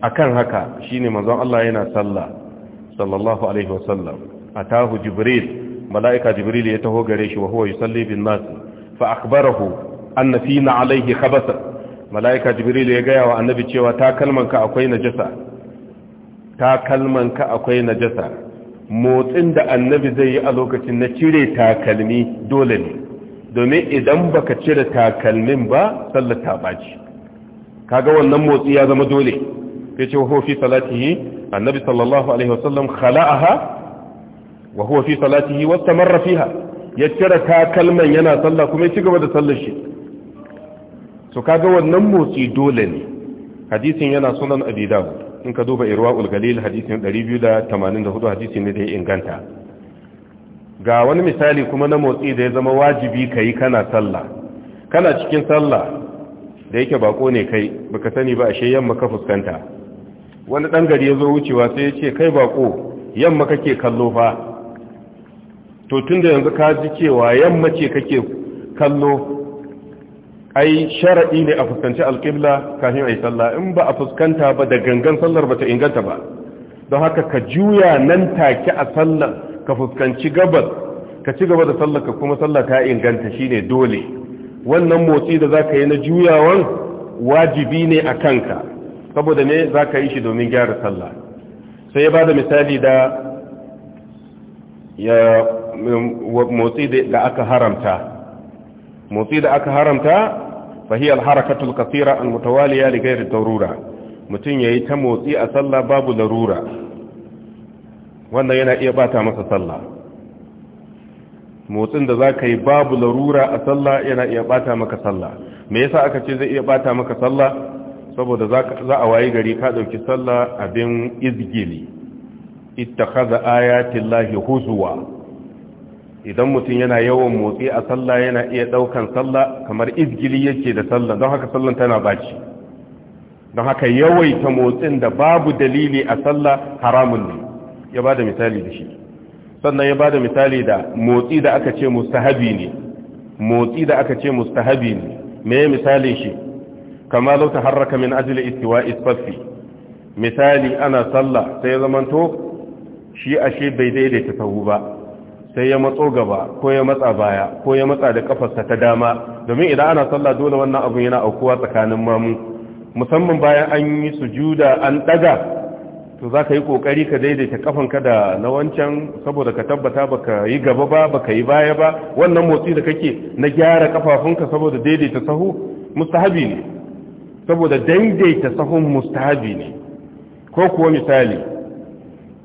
akan haka shine manzon Allah yana sallah sallallahu alaihi wasallam Tahu jibril mala'ika jibril ya taho gare shi wa huwa yusalli bin Nasi. fa akhbarahu anna fina alaihi khabasa mala'ika jibril ya gaya wa annabi cewa takalmanka akwai najasa takalmanka akwai najasa motsin da annabi zai yi a lokacin na cire takalmi dole ne domin idan baka cire takalmin ba sallar ta baci kaga wannan motsi ya zama dole yace ce wahuwa fi salatihi annabi sallallahu alaihi wasallam khala'aha wa huwa fi salatihi wastamarra fiha ya cire takalman yana sallah kuma ya ci gaba da sallar shi to kaga wannan motsi dole ne hadisin yana sunan abi dawud in ka duba irwa galil hadisin 284 hadisi ne da ya inganta ga wani misali kuma na motsi da ya zama wajibi ka yi kana sallah kana cikin sallah da yake bako ne kai baka sani ba ashe yamma ka fuskanta wani dan gari ya zo wucewa sai ya ce kai bako yamma kake kallo fa to tunda yanzu ka ji cewa yamma ce kake kallo ai sharaɗi ne a fuskanci alƙibla kafin ai salla sallah in ba a fuskanta ba da gangan sallar ba ta inganta ba don haka ka juya nan take a sallah ka fuskanci gabas ka ci gaba da sallar ka kuma sallah ta inganta shine dole wannan motsi da zaka yi na juyawan wajibi ne a kanka saboda ne za yi shi domin gyara sallah sai ya ba da misali da ya motsi da aka haramta motsi da aka haramta fahiyar harakatul kasira almutawaliya da gairar darura mutum ya yi ta motsi a sallah babu larura wannan yana iya bata masa sallah motsin da za ka yi babu larura a sallah yana iya bata maka sallah me yasa aka ce zai iya bata maka sallah saboda za a wayi gari ka ɗauki sallah abin izgili ittakhadha ayati llahi huzwa idan mutum yana yawan motsi a sallah yana iya daukan sallah kamar izgili yake da sallah don haka sallan tana baci don haka yawaita motsin da babu dalili a sallah haramun ne ya bada misali da shi sannan ya bada misali da motsi da aka ce mustahabi ne motsi da aka ce mustahabi ne me misalin shi kama lau taharraka min ajli istiwa'i saffi misali ana sallah sai zamanto shi ashe bai daidaita sahu ba sai ya matso gaba ko ya matsa baya ko ya matsa da kafarsa ta dama domin idan ana sallah dole wannan abun yana aukuwa tsakanin mamu musamman bayan an yi sujuda an daga to za ka yi kokari ka daidaita kafanka da na wancan saboda ka tabbata baka yi gaba ba baka yi baya ba wannan motsi da kake na gyara kafafunka saboda daidaita sahu mustahabi ne saboda daidaita sahun mustahabi ne ko kuwa misali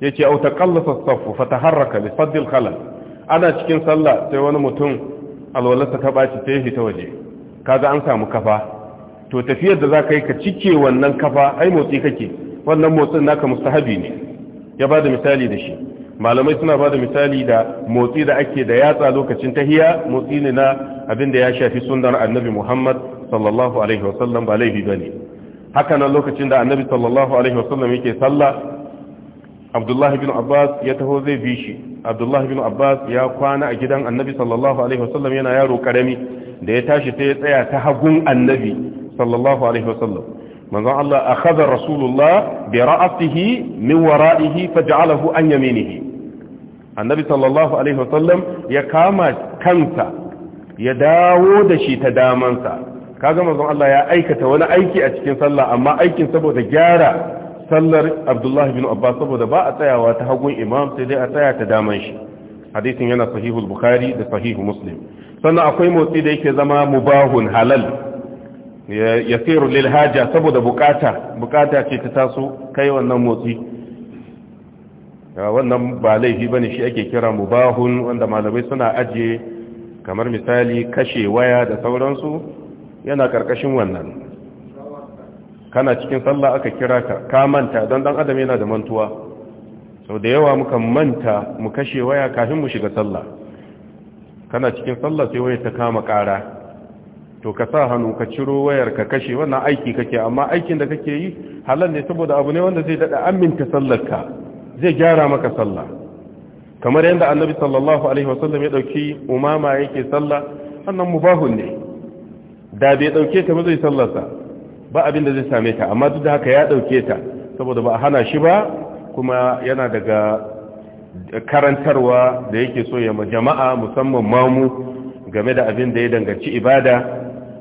yace au taqallasa as-saff fa taharraka li sadd khalal ana cikin sallah sai wani mutum alwalarsa ta ɓaci sai ya fita waje kaga an samu kafa to tafiyar da za ka yi ka cike wannan kafa ai motsi kake wannan motsin naka mustahabi ne ya ba da misali da shi malamai suna ba da misali da motsi da ake da yatsa lokacin tahiya motsi ne na abin da ya shafi sundar annabi muhammad sallallahu alaihi wasallam ba laifi ba ne haka nan lokacin da annabi sallallahu alaihi wasallam yake sallah abdullahi bin abbas ya taho zai bi shi abdullahi bin abbas ya kwana a gidan annabi sallallahu alaihi wasallam yana yaro karami da ya tashi ta ya tsaya ta hagun annabi sallallahu alaihi wasallam manzon Allah akhadha rasulullah bi ra'atihi min wara'ihi faj'alahu an yaminihi annabi sallallahu alaihi wasallam ya kama kansa ya dawo da shi ta damansa kaga manzon Allah ya aikata wani aiki a cikin sallah amma aikin saboda gyara sallar abdullahi bin abbas saboda ba a tsayawa ta hagun imam sai dai a tsaya ta daman shi hadisin yana sahihul bukhari da sahihu muslim sannan akwai motsi da yake zama mubahun halal ya siru lil haja saboda bukata bukata ce ta taso kai wannan motsi wannan ba laifi bane shi ake kira mubahun wanda malamai suna ajiye kamar misali kashe waya da sauransu yana karkashin wannan kana cikin sallah aka kira ka ka manta don dan adam yana da mantuwa sau da yawa muka manta mu kashe waya kafin mu shiga sallah kana cikin sallah sai waya ta kama kara to ka sa hannu ka ciro wayar ka kashe wannan aiki kake amma aikin da kake yi halal ne saboda abu ne wanda zai dada aminta sallarka zai gyara maka sallah kamar yadda annabi sallallahu alaihi wasallam ya dauki umama yake sallah annan mubahun ne da bai dauke ta mu zai sallarsa ba abin da zai same ta amma duk da haka ya ɗauke ta saboda ba a hana shi ba kuma yana daga karantarwa da yake so ya jama'a musamman mamu game da abin da ya danganci ibada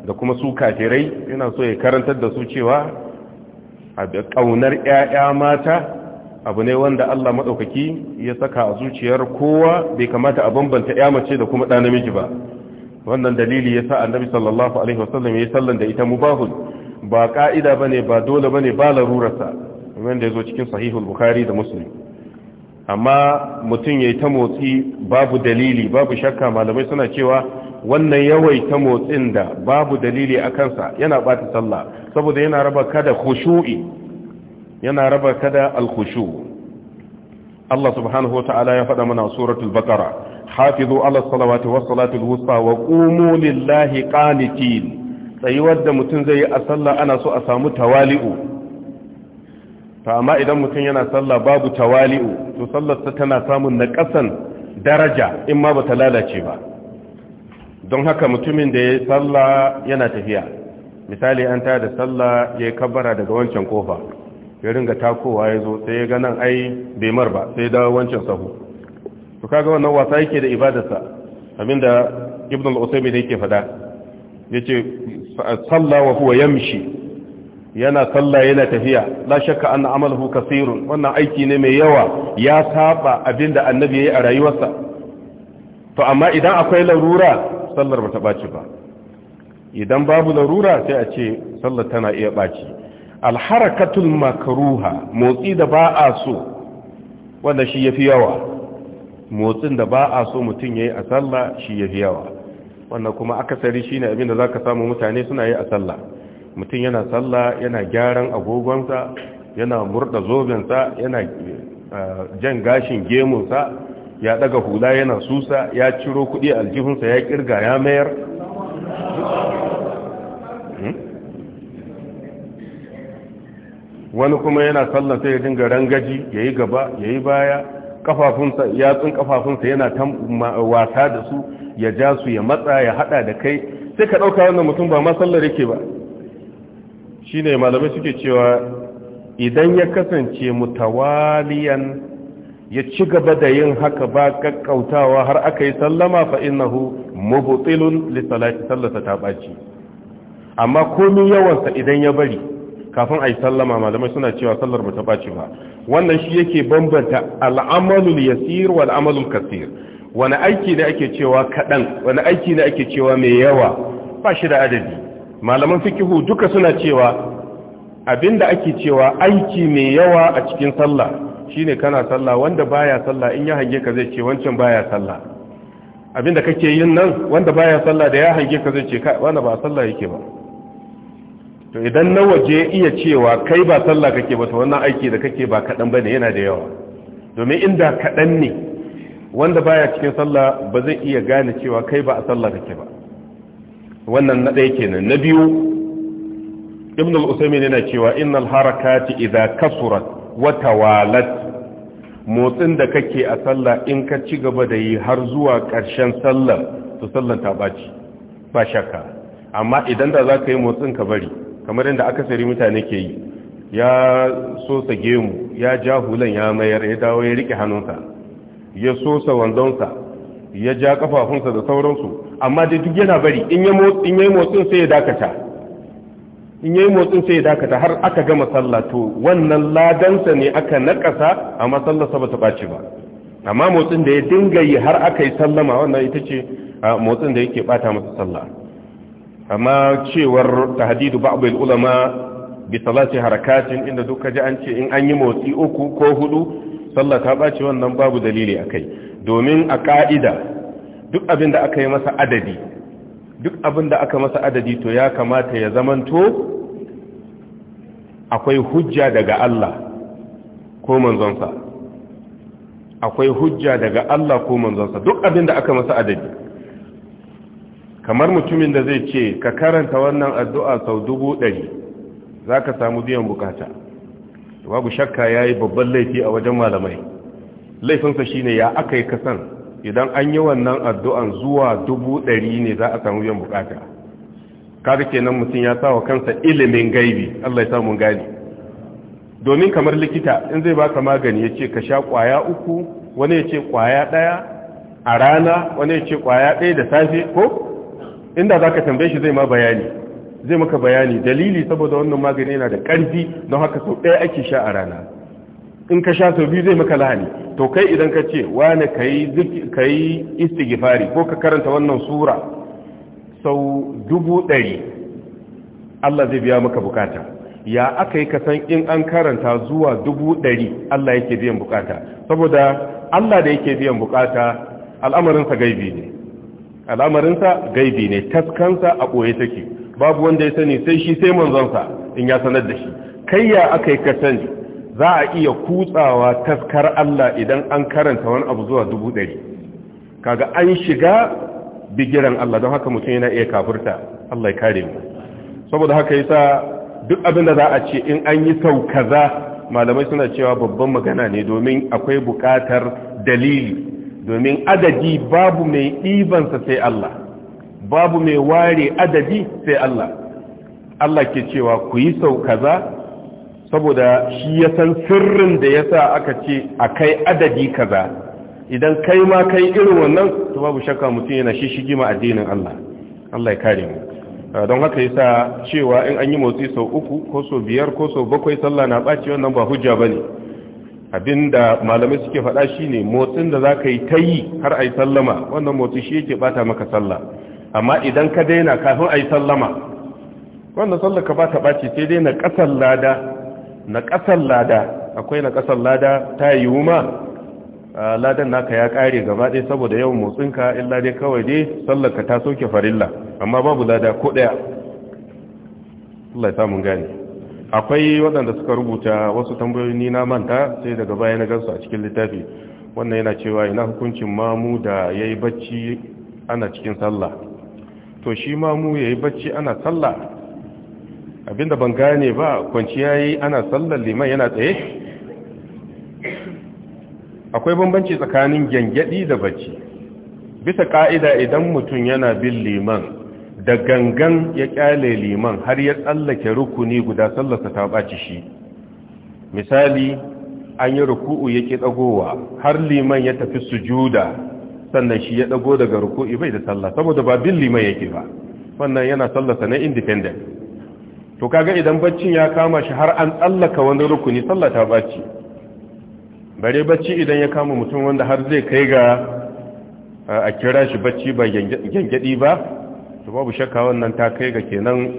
da kuma su kafirai yana so ya karantar da su cewa a ƙaunar 'ya'ya mata abu ne wanda Allah madaukaki ya saka a zuciyar kowa bai kamata a bambanta ƴa mace da kuma ɗa namiji ba wannan dalili yasa annabi sallallahu alaihi wasallam ya sallan da ita mubahul ba ka'ida bane ba dole bane ba larurarsa wanda ya zo cikin sahihul bukhari da muslim amma mutum yayi ta motsi babu dalili babu shakka malamai suna cewa wannan yawai ta motsin da babu dalili a kansa yana bata sallah saboda yana raba kada khushu'i yana raba kada al-khushu Allah subhanahu wata'ala ya faɗa mana suratul baqara hafizu ala salawati was salati al-wusta wa qumu lillahi qanitin tsayuwar da mutum zai yi a sallah ana so a samu tawali'u to amma idan mutum yana sallah babu tawali'u to sallarsa tana samun na naƙasan daraja in ma ba ta lalace ba don haka mutumin da ya sallah yana tafiya misali an ta da sallah ya yi kabbara daga wancan kofa ya ringa takowa ya zo sai ya ga nan ai bai mar ba sai dawo wancan sahu to kaga wannan wasa yake da ibadarsa abinda ibn al-usaymi da yake faɗa yace salla wa huwa yamshi yana salla yana tafiya la shakka anna amaluhu kaseerun wannan aiki ne mai yawa ya saba abinda annabi yayi a rayuwarsa to amma idan akwai larura sallar ba ta baci ba idan babu larura sai a ce sallar tana iya baci alharakatul makruha motsi da ba a so wanda shi yafi yawa motsin da ba a so mutum yayi a sallah shi yafi yawa wannan kuma akasari shine abinda ka samu mutane suna yi a sallah mutum yana sallah yana gyaran agogonsa yana murda zobensa yana eh, jan gashin gemunsa ya daga hula yana susa ya ciro kudi aljihunsa ya kirga ya mayar hmm? wani kuma yana sallah sai ya dinga rangaji ya yi gaba ya yi baya kafafunsa yatsun kafafunsa yana ta wasa da su ya ja su ya matsa ya hada da kai sai ka dauka wannan mutum ba ma sallar yake ba shine malamai suke cewa idan ya kasance mutawaliyan ya ci gaba da yin haka ba kakkautawa har aka yi sallama fa innahu mubtilun li salati sallata ta baci amma komai yawansa idan ya bari kafin a yi sallama malamai suna cewa sallar ba ta baci ba wannan shi yake bambanta al'amalul yasir wa al’amalul kasir wani aiki ne ake cewa kaɗan? wani aiki ne ake cewa mai yawa ba shi da adadi malaman fikihu duka suna cewa abin da ake cewa aiki mai yawa a cikin sallah shi ne kana sallah wanda baya sallah in ya hange ka zai ce wancan baya sallah Abin da kake yin nan wanda baya sallah da ya hange ka zai ce wanda ba sallah yake ba to idan na waje iya cewa kai ba sallah kake ba to wannan aiki da kake ba kaɗan ba yana da yawa domin inda kaɗan ne wanda baya cikin sallah ba zai iya gane cewa kai ba a sallah kake ba wannan na ɗaya kenan na biyu ibn al-usaymin yana cewa innal harakati idza kasurat wa tawalat motsin da kake a sallah in ka ci gaba da yi har zuwa ƙarshen sallah to sallar ta baci ba shakka amma idan da za ka yi motsin ka bari kamar yadda akasari mutane ke yi ya sosa gemu ya ja hulan ya mayar ya dawo ya rike hannunsa ya sosa wandonsa ya ja kafafunsa da sauransu amma dai duk yana bari in ya motsin sai ya dakata in ya motsin sai ya dakata har aka gama sallah to wannan ladansa ne aka nakasa amma sallarsa ba ta ɓaci ba amma motsin da ya dinga yi har aka yi sallama wannan ita ce motsin da yake bata masa sallah amma cewar tahdidu ba'dul ulama bi salati harakatin inda duka ji an ce in an yi motsi uku ko hudu sallah ta bace wannan babu dalili akai domin a ka'ida duk abin da aka yi masa adadi duk abin da aka masa adadi to ya kamata ya zamanto akwai hujja daga Allah ko manzonsa akwai hujja daga Allah ko manzonsa duk abin da aka masa adadi kamar mutumin da zai ce ka karanta wannan addu'a sau dubu ɗari za ka samu biyan bukata babu shakka ya yi babban laifi a wajen malamai laifinsa shi ne ya aka yi kasan idan an yi wannan addu'an zuwa dubu ɗari ne za a samu biyan bukata kada kenan mutum ya sa wa kansa ilimin gaibi allah ya samun gani domin kamar likita in zai baka magani ya ce ka sha kwaya uku wani ya ce kwaya ɗaya a rana wani ya ce kwaya ɗaya da safe ko inda ka tambaye shi zai ma bayani zai maka bayani dalili saboda wannan magani yana da ƙarfi don haka sau ɗaya ake sha a rana in ka sha sau biyu zai maka lahani to kai idan ka ce wani ka yi istighfari ko ka karanta wannan sura sau dubu ɗari Allah zai biya maka bukata ya aka yi kasan in an karanta zuwa dubu ɗari Allah yake biyan bukata saboda Allah da yake biyan bukata al'amarinsa gaibi ne al'amarinsa gaibi ne taskansa a ɓoye take babu wanda ya sani sai shi sai manzonsa in ya sanar da shi kai ya aka yi kasan sani za a iya kutsawa taskar Allah idan an karanta wani abu zuwa dubu ɗari kaga an shiga bigiran Allah don haka mutum yana iya kafurta Allah ya kare mu saboda haka yasa duk abin da za a ce in an yi sau kaza malamai suna cewa babban magana ne domin akwai buƙatar dalili domin adadi babu mai ɗibansa sai Allah babu mai ware adadi sai Allah Allah ke cewa ku yi sau kaza saboda shi ya san sirrin da ya sa aka ce a kai adadi kaza idan kai ma kai irin wannan to babu shakka mutum yana shi gima addinin Allah Allah ya kare mu ah, don haka yasa cewa in an yi motsi sau uku ko sau biyar ko sau bakwai sallah na ɓaci wannan ba hujja ba ne Abin da malamai suke faɗa shine motsin da za ka yi ta yi har a yi sallama wannan motsi shi yake bata maka sallah amma idan ka daina kafin a yi sallama wannan sallar ka bata baci sai dai na ƙasar lada na ƙasar lada akwai na ƙasar lada ta yi ma ladan naka ya ƙare gaba ɗaya saboda yawan motsinka illa dai kawai dai sallar ka ta soke farilla amma babu lada ko ɗaya Allah ya samu gane akwai waɗanda suka rubuta wasu tambayoyi na manta sai daga baya na gansu a cikin littafi wannan yana cewa ina hukuncin mamu da ya yi bacci ana cikin sallah to shi mamu ya yi bacci ana sallah abinda ban gane ba kwanciya yi ana sallar liman yana tsaye akwai bambanci tsakanin gyangyaɗi da bacci bisa ka'ida idan mutum yana bin liman da gangan ya kyale liman har ya tsallake rukuni guda tsallasa ta baci shi misali an yi ruku'u ya ke ɗagowa, har liman ya tafi sujuda sannan shi ya dago daga ruku'i bai da tsalla saboda ba bin liman ya ke ba wannan yana tsallasa na independent to kaga idan baccin ya kama shi har an tsallaka wani rukuni tsalla ta baci bare bacci idan ya kama mutum wanda har zai kai ga a kira shi bacci ba gyangyadi ba to babu shakka wannan ta kai ga kenan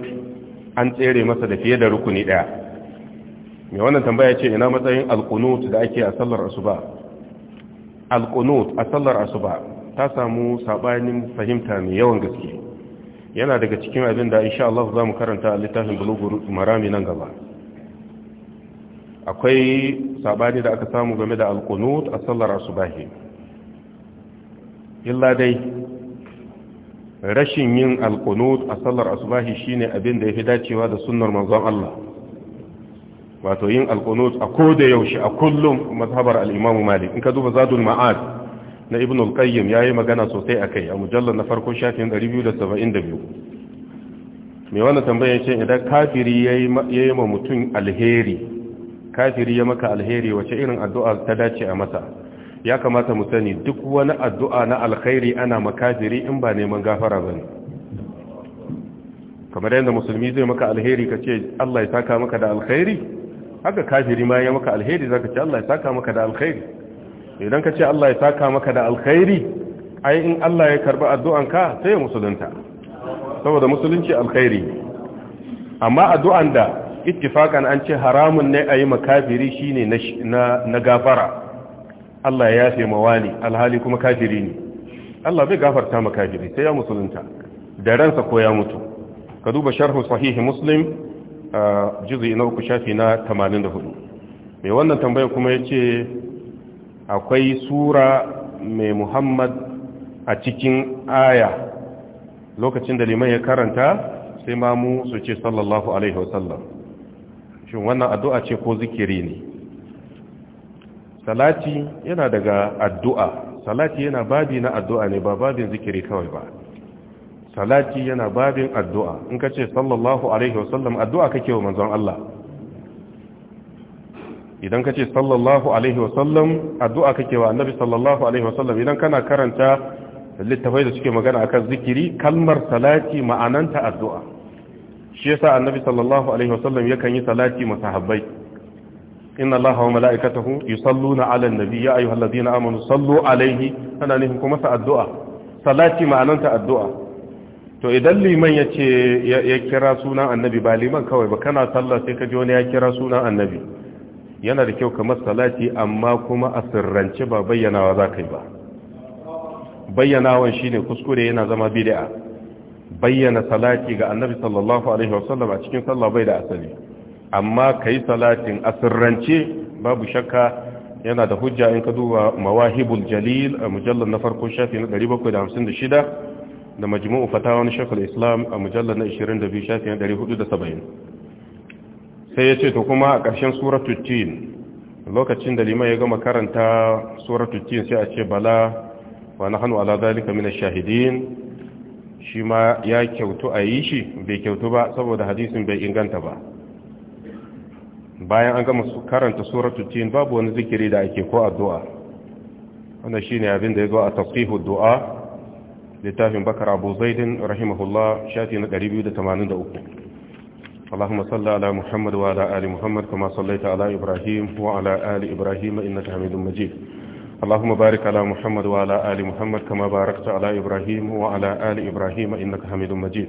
an tsere masa da fiye da rukuni daya mai wannan tambaya ce ina matsayin alqunut da ake a sallar asuba alqunut a sallar asuba ta samu sabanin fahimta mai yawan gaske yana daga cikin abin da insha Allah zamu karanta a littafin bulugul marami nan gaba akwai sabani da aka samu game da alkunut a sallar asuba illa dai rashin yin alkunut a sallar asubahi ne abin da fi dacewa da sunnar manzon Allah wato yin alkunut a koda yaushe a kullum mazhabar al’imamu Malik in ka duba Zadul Ma'ad na Ibn al-Qayyim yi magana sosai a kai a mujallar na farko shafin 272 mai wannan tambaya yace idan kafiri yayi yi ma mutum alheri kafiri ya maka alheri wace irin addu'a ta dace a masa ya kamata mu sani duk wani addu'a na alkhairi ana makafiri in ba neman gafara bane kamar yadda musulmi zai maka alheri ka ce Allah ya saka maka da alkhairi haka kafiri ma ya maka alheri zaka ce Allah ya saka maka da alkhairi idan ka ce Allah ya saka maka da alkhairi ai in Allah ya karba ka sai ya musulunta saboda musulunci alkhairi amma addu'an da ittifakan an ce haramun ne ayi makafiri shine na na gafara Allah ya yafe mawani alhali kuma kafiri ne Allah bai gafarta ma kafiri sai ya musulunta da ransa ko ya mutu ka duba sharhu sahihi muslim juz'i na uku shafi na 84 mai wannan tambayar kuma yace akwai sura mai Muhammad a cikin aya lokacin da liman ya karanta sai mamu su ce sallallahu alaihi wasallam shin wannan addu'a ce ko zikiri ne salati yana daga addu'a salati yana babi na addu'a ne ba babin zikiri kawai ba salati yana babin addu'a in ka ce sallallahu alaihi wasallam addu'a kake wa manzon Allah idan ka ce sallallahu alaihi wasallam addu'a kake wa annabi sallallahu alaihi wasallam idan kana karanta littafai da suke magana akan zikiri kalmar salati ma'ananta addu'a shi yasa annabi sallallahu alaihi wasallam yakan yi salati masahabbai inna الله wa يصلون على 'alan يا ya الذين amanu sallu عليه أنا nufin kuma الدعاء addu'a salati ma'ananta addu'a to idan liman yace ya kira sunan annabi ba liman kawai ba kana sallah sai ka ji wani ya kira sunan annabi yana da kyau kamar salati amma kuma a sirrance ba bayyanawa za ka yi ba bayyanawan shine kuskure yana zama bida'a bayyana salati ga annabi sallallahu alaihi wasallam a cikin sallah bai da asali amma ka yi salatin asirrance babu shakka yana da hujja in ka duba mawahibul jalil a mujallar na farko shafi na 756 da majimu fatawa na shakar islam a mujallar na 22 shafi na 470 sai ya ce to kuma a ƙarshen suratul tin lokacin da liman ya gama karanta suratul tin sai a ce bala wa na hannu zalika min shahidin shi ma ya kyautu a yi shi bai kyautu ba saboda hadisin bai inganta ba bayan an gama karanta suratul cin babu wani zikiri da ake ko addu'a wannan shine abin da ya zo a tafsihu du'a littafin bakara abu zaidin rahimahullah shafi na 283 Allahumma salli ala Muhammad wa ala Muhammad kama sallaita ala Ibrahim wa ala ali Ibrahim innaka Hamidum Majid Allahumma barik ala Muhammad wa ala Muhammad kama barakta ala Ibrahim wa ala ali Ibrahim innaka Hamidum Majid